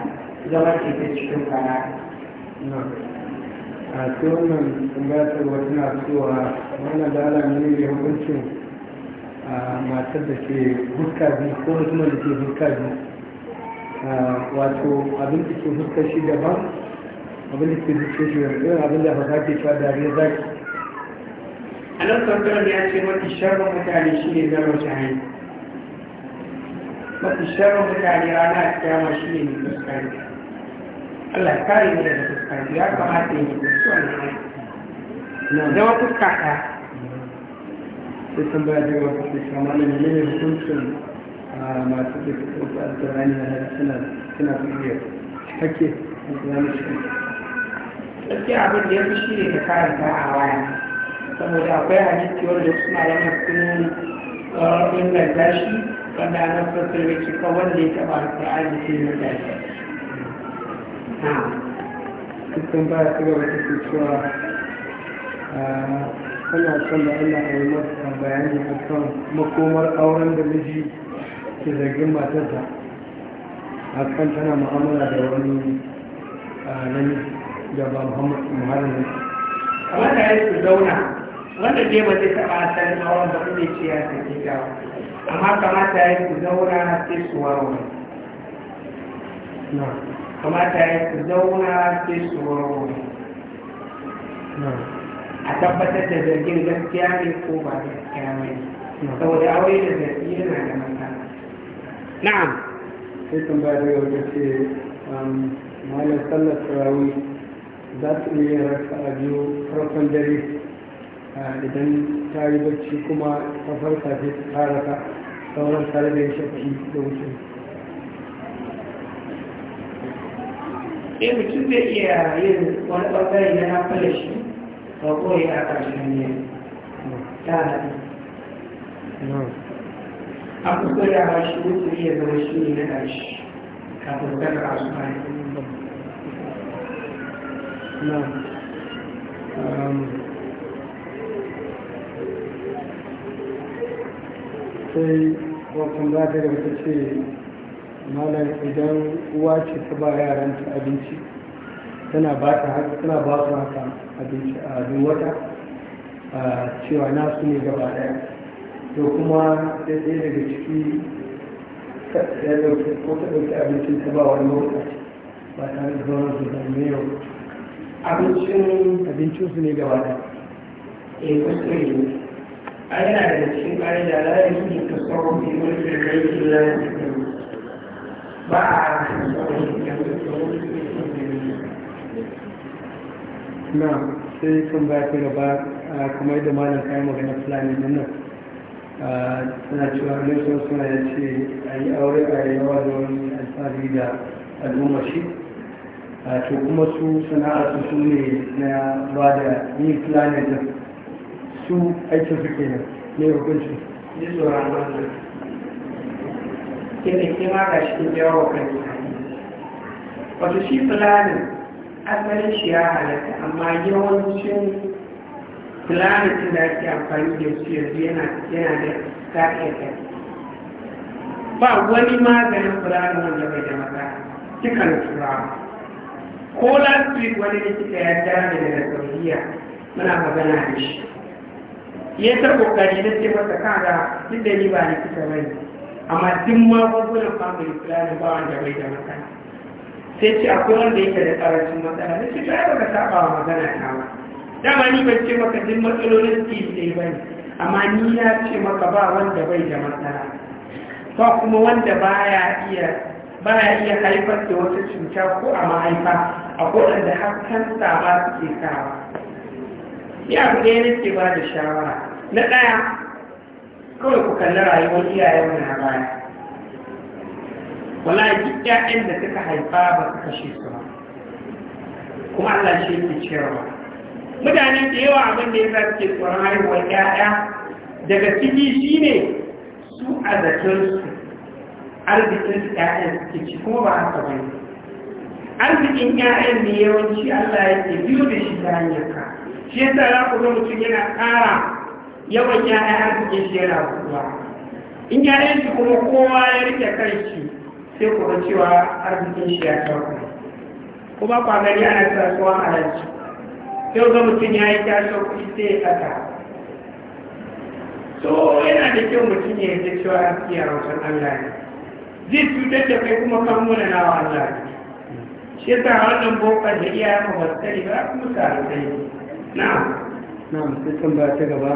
zama ke ta cikin kana
a ce nan, tambayar wata na cewa wannan da alamu ne hukuncin matar da ke huska biyu ko mutumin da ke huska biyu wato abin da ke huska shi daban abin da suke zuke shi yanzu irin abin da hausa ke cewa dariya
zaki a nan tsantsar ya ce mafi sharrin mutane shi ne zama shahin mafi sharrin mutane rana a kyama shi ne mai fuskanci Allah kare ne daga fuskanci ya kamata yi su a nan zama fuska ta
sai sun ba da yawa kuma shama ne ne ne hukuncin masu da suka fi alƙur'ani na suna suna fiye hake alƙur'ani shi
gaskiya abin da ya fi shi ne ka karanta a waya saboda akwai hadisi wanda wasu malaman sun inganta shi wanda a nan sosai mai cika wanda ya taɓa alƙur'ani sai ya tashi
sun ba su gaba ta cewa kana son da Allah ya yi masa bayani akan makomar auren da miji ke zargin matarsa akan tana mu'amala da wani namiji da ba muhammad muharram
wanda
ya su zauna wanda ke ba zai taɓa asalin auren ba kuma ce ya ke ta amma kamata ya su zauna sai su warware kamata ya su zauna sai su warware a tabbatar da zargin gaskiya ne ko ba gaskiya ne saboda aure da zargi yana da matsala
na'am sai tambaya daga wajen ce um, malam sallar tarawih za su iya yin raka a biyu farkon dare idan ta yi bacci kuma ta farka ce ta fara ka sauran tare da ya shafi da wuce
eh mutum zai iya yin wani ɓangare na nafalar shi ba kawai a ƙarshen ne ta haɗu a kusa da shi wuce iya zama shi ne na ƙarshe kafin kada a su
نعم sai
wakan za ta gaba ta ce malam idan uwa ce ta ba yaranta abinci tana ba ta haka tana ba su haka abinci a duk wata cewa nasu ne gaba daya to kuma sai ɗaya daga ciki ya ɗauki ko ta ɗauki abincin ta ba wani lokaci ba tare da zaunar su zama yau abincin abincin su ne gaba da
eh kuskure ne a yana da cikin kare da lalai su ne kasarwa mai mulkin laifin lalai ba a
na sai kan baya ta gaba ah, kuma yadda malam kayan magana fulani nan nan suna ah, cewa ne suna ya ce a yi aure a yawa da wani alfahari da al'ummar shi to kuma su sana'arsu su ne na ba da yin planet din su aikin su kenan ne hukunci
ne tsoron wanda ke ne ke ma ga cikin jawo kan wato shi planet asalin shi ya halatta amma yawancin planet da ake amfani da su yanzu yana da sa'ayyar ba wani maganin planet wanda bai da maza dukkan turawa ko last week wani likita ya da daga saudiya muna magana da shi ya ta kokari na ce masa kaga duk da ni ba likita bai, ne amma duk magungunan family planning ba wanda bai da matsala sai ce akwai wanda yake da karancin matsala na ce ya baka saba wa magana ta ba dama ni ban ce maka duk matsalolin su ne ba ne amma ni ya ce maka ba wanda bai da matsala ba kuma wanda baya iya baya iya haifar da wata cuta ko a mahaifa akwai da har sa ba suke sawa ya abu ɗaya nake ba da shawara na ɗaya kawai ku kalli rayuwar iyayen mu na baya wala duk ƴaƴan da suka haifa ba su kashe su ba kuma Allah shi ke cewa mutane da yawa abin da ya sa suke tsoron haihuwar ƴaƴa daga ciki ne su a zaton su arzikin ƴaƴan suke ci kuma ba haka bane arzikin ƴaƴan ne yawanci Allah ya ke biyo da shi ta hanyar ka shi yasa za ku ga mutum yana ƙara yawan ƴaƴan arzikin shi yana kuwa in ƴaƴan shi kuma kowa ya rike shi sai ku ga cewa arzikin shi ya sauka kuma kwa gani ana kasuwa a ranci sai ga mutum ya yi tashin kuɗi sai ya tsaka so yana da kyau mutum ya yi cewa arziki a wajen Allah ne zai cutar da kai kuma kan muna nawa Allah ne shi yasa wannan bokar da iyayen mu ba sani ba kuma sarasai na'am
na'am sai tambaya ta gaba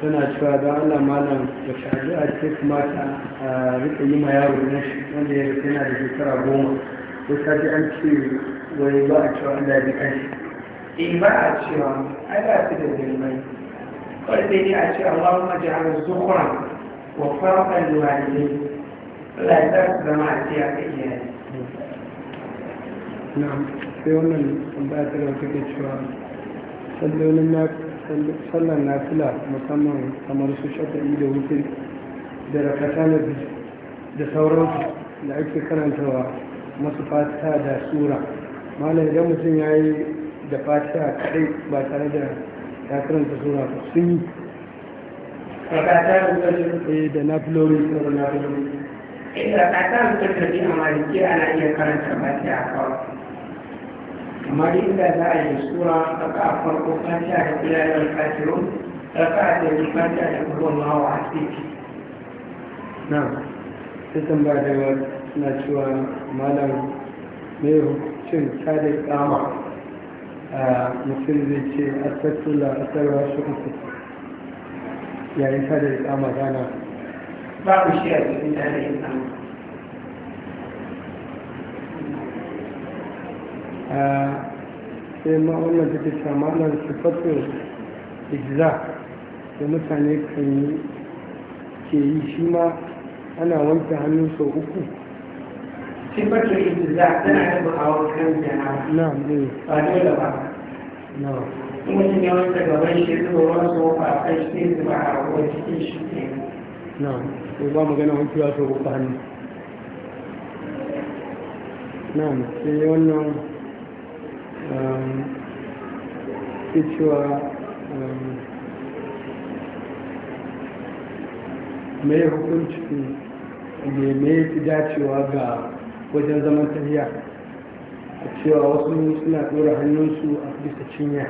tana cewa don Allah malam da shari'a ce kuma ta rika yi ma yaro na shi wanda ya rika yana da shekara goma ko ta ji an ce wai ba a cewa Allah ya kai
in eh, ba a cewa ai ba su da girmai kawai sai dai a ce Allahumma ja'al zukhra wa farqan walidayni Allah ya zama a ce a kai iyaye
sai wannan tambaya na sallar nafila musamman kamar su da wutar da rakata da sauransu da ake karantawa masu fata da tsura, malam idan mutum ya yi da fata kadai ba tare da ya karanta sura ba sun yi eh, da na suna da
eh, na da ana iya karanta fata a kawai kamar inda za a yi sura raka a farko fatiha da iyayen kafirun raka a tsaye fatiha da kuma mawa a ciki
na sai tambaya daga na cewa malam mai hukuncin ta da kama mutum zai ce a tattula a tsarwa shi uku yayin ta da kama gana
babu shi a cikin ta kama
sai ma wannan take samanar sifatun ijza da mutane kan yi ke yi shi ma ana wanke hannu sau uku
sifatun ijza tana da kawo kan jana na ne eh. ba dole ba na mutum ya wanke gaban shi zuwa wasu ba kai shi zuwa a wajen shi ne
na ko ba magana wankewa sau uku hannu na sai wannan ke cewa mai hukunci ne mai fi dacewa ga wajen zaman tafiya a cewa wasu suna tsoron hannunsu a bisa cinya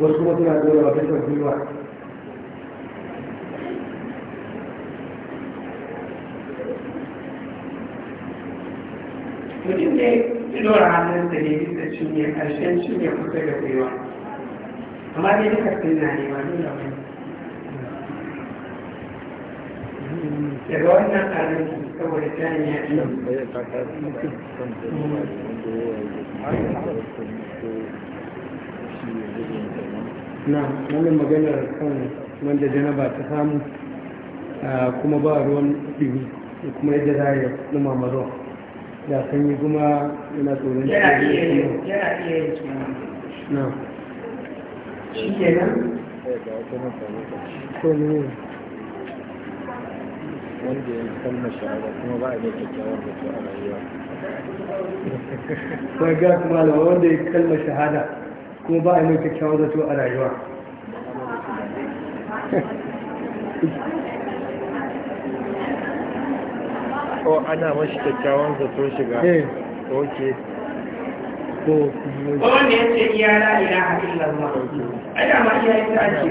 wasu kuma suna tsoron a bisa gwiwa
Thank
you. ya dora hannun da ne bisa cinye ƙarshen shirya kusa da gwiwa amma
dai duka sun na nema dole
wani daga wannan arziki saboda tarin ya iya na wannan maganar kan wanda janaba ta samu ah, kuma ba ruwan ɗibi kuma yadda za a yi ɗumama ruwan da yi kuma yana tsoron shi yana iya yin na shi ke nan eh, ko ne ne wanda ya kalmar shahara kuma ba a da kyakkyawar da a rayuwa ba ga kuma da wanda ya kalmar shahada kuma ba a da kyakkyawar da a rayuwa o ana mashi kyakkyawan zato shiga eh. oke
ko wanda ya ce iya la ilaha illallah ai da ma
iya ita ake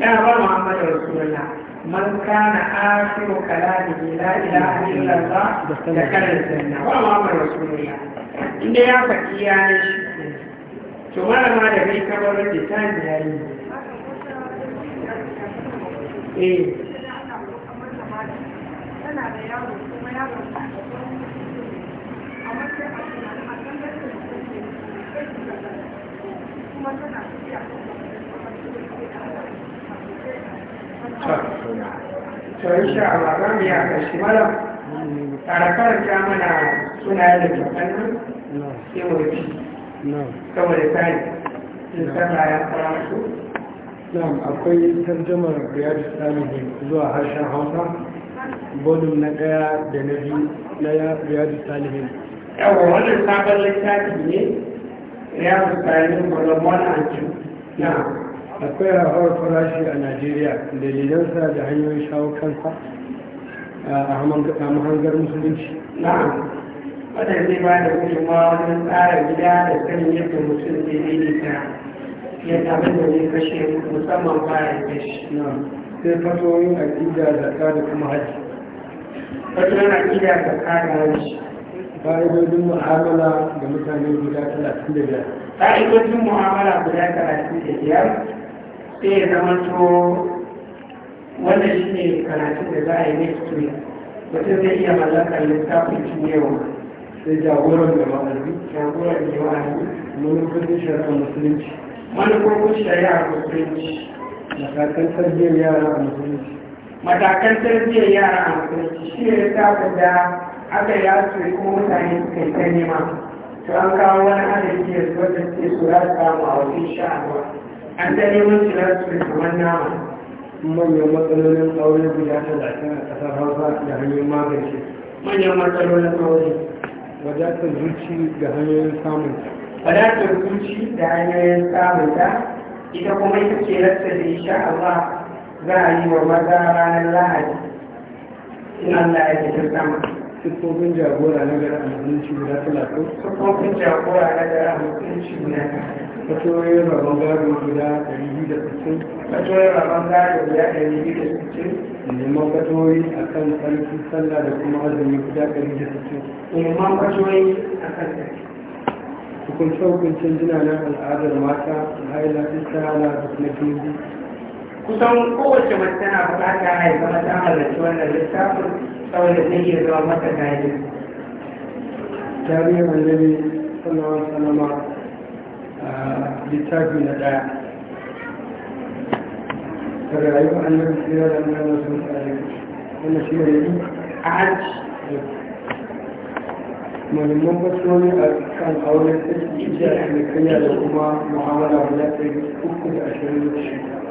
da ba muhammadu rasulullah من كان آخر da لا إله إلا الله دخل الجنة وأمر رسول الله إن يا فكي يا نش da bai kamar كبر ta يا
إيه tana da yaro kuma yaro na da amma sai a tunanin a kan gaske da kuke sai su ga kuma tana tafiya to insha Allah za mu yi a ƙarshe mala karakar ta mana suna yadda
kyakkyan nan sai mu da kai, tsari sun sallah ya
fara su
Na'am akwai tarjamar Riyadu Salihin zuwa harshen Hausa volume na ɗaya da na biyu na riyadu salihin
yawa wannan sabon littafi ne riyadu salihin volume 1 and
na akwai rahawar farashi a najeriya dalilansa da hanyoyin shawo kansa a mahangar musulunci
na'am wadda zai
ba da gudunmawa wajen tsara gida da sanin yadda mutum zai daidaita yadda abin da zai kashe musamman bayan kashi
na'am sai fatoyin aƙida zakka da kuma haji fatoyin aƙida zakka da haji fa'idodin mu'amala da mutane guda talatin da biyar
fa'idodin mu'amala guda talatin da biyar sai ya zama to wannan shi ne karatun da za a yi next week mutum zai iya mallakar littafin kiyewa sai
jagoran da ma'arbi jagoran da ma'azi manufofin shari'a musulunci manufofin
shari'a musulunci
matakan tarbiyyar yara a musulunci
matakan tarbiyyar yara a musulunci shi ne ta da aka yi kuma mutane suka yi ta nema to an kawo wani adadi ya zuwa da ke su za su samu a wajen sha'awa an ta neman su za su kamar nama manyan matsalolin aure guda ta
talatin a ƙasar hausa da hanyoyin magance manyan matsalolin aure wadatar zuci da hanyoyin samunta
wadatar zuci da hanyoyin ta. ita kuma ita ce rasta da insha Allah za a yi wa maza ranar lahadi in Allah ya fitar sama
sufofin jagora na gara a musulunci guda talatin sufofin
jagora na gara a musulunci guda
yin rabon gado guda ɗari biyu da sittin fatoyin rabon gado guda ɗari biyu da sittin neman fatoyi a kan tsarki sallah da kuma azumi guda ɗari da sittin neman fatoyi
a kan tsarki
hukunce-hukuncen jina na al'adar mata haila istana da kuma kingi
kusan kowace mace tana bukata haifa mata halarci wannan littafin saboda zai iya zama mata gani
tarihin annabi sallallahu alaihi wasallam a littafi na daya ta rayuwa annabi sallallahu alaihi wasallam wannan shi ne a hajji malaman basoni a kan auren tsarki da kanya da kuma muhammala guda ɗari
uku da ashirin da shida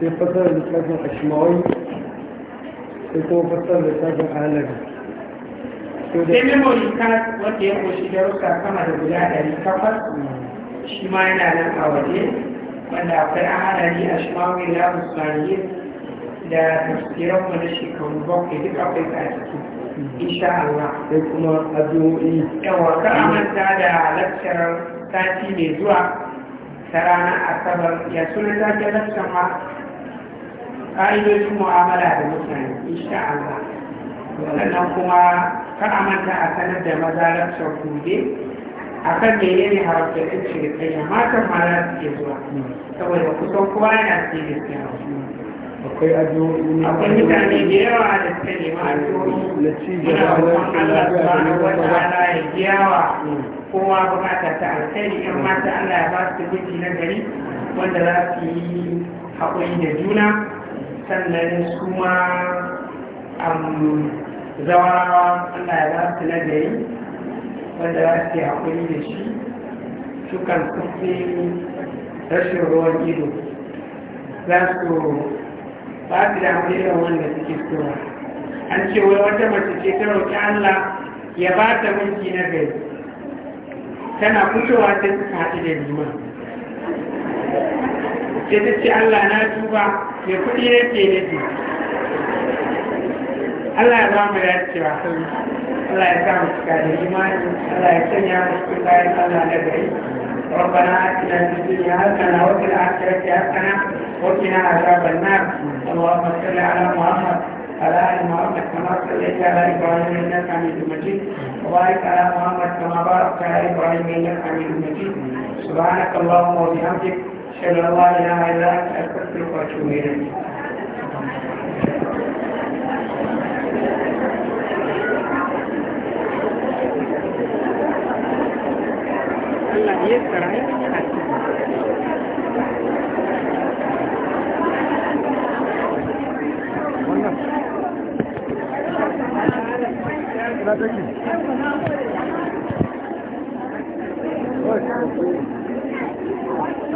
sai fasar littafin ashimawai sai kuma fasar littafin alabi
sai memory card wanda ya koshi darussa sama da guda ɗari takwas shi ma yana nan a waje wanda akwai an hana ni a shi ma wani ya musaliye da tafsiran mu na shekaru bakwai duk akwai ka a insha Allah
sai kuma addu'o'i yawa ka
amanta da lakcarar sati mai zuwa ta ranar asabar ya suna ta ke lakcar ma ƙa'idojin mu'amala da mutane insha Allah sannan kuma kar a manta a sanar da maza lafsar gobe a kan menene haramta ɗin cinikayya matan ma za su ke zuwa saboda kusan kowa yana yi gaskiya
akwai addu'o'i akwai mutane da yawa da suka nema addu'o'i na ci gaba wani Allah subhanahu wa ta'ala
ya biya wa kowa bukata ta alkhairi 'Yan mata Allah ya ba su miji na gari wanda za su yi haƙuri da juna sannan kuma zawarawa allah ya za su yi wanda za su yi haƙuri da shi sukan kuɗi rashin ruwan ido za su ba su da haƙuri da wanda suke tsoron an ce wai wata mace ce ta roƙi allah ya ba ta mulki na gari tana fitowa ta haɗu da liman jadi Allah na tuba ya kudi ne ke ne ji Allah ya ba mu da cewa sai Allah ya sa mu cika da imani Allah ya sanya mu cikin bayan Allah na gari ربنا آتنا في الدنيا حسنة وفي الآخرة حسنة وقنا عذاب النار اللهم صل على محمد على آل محمد كما صليت على إبراهيم إنك حميد مجيد وبارك على محمد كما باركت على إبراهيم إنك حميد مجيد سبحانك اللهم وبحمدك أشهد أن لا إله إلا أنت أستغفرك وأتوب
إليك Allah ya tsara
Thank you.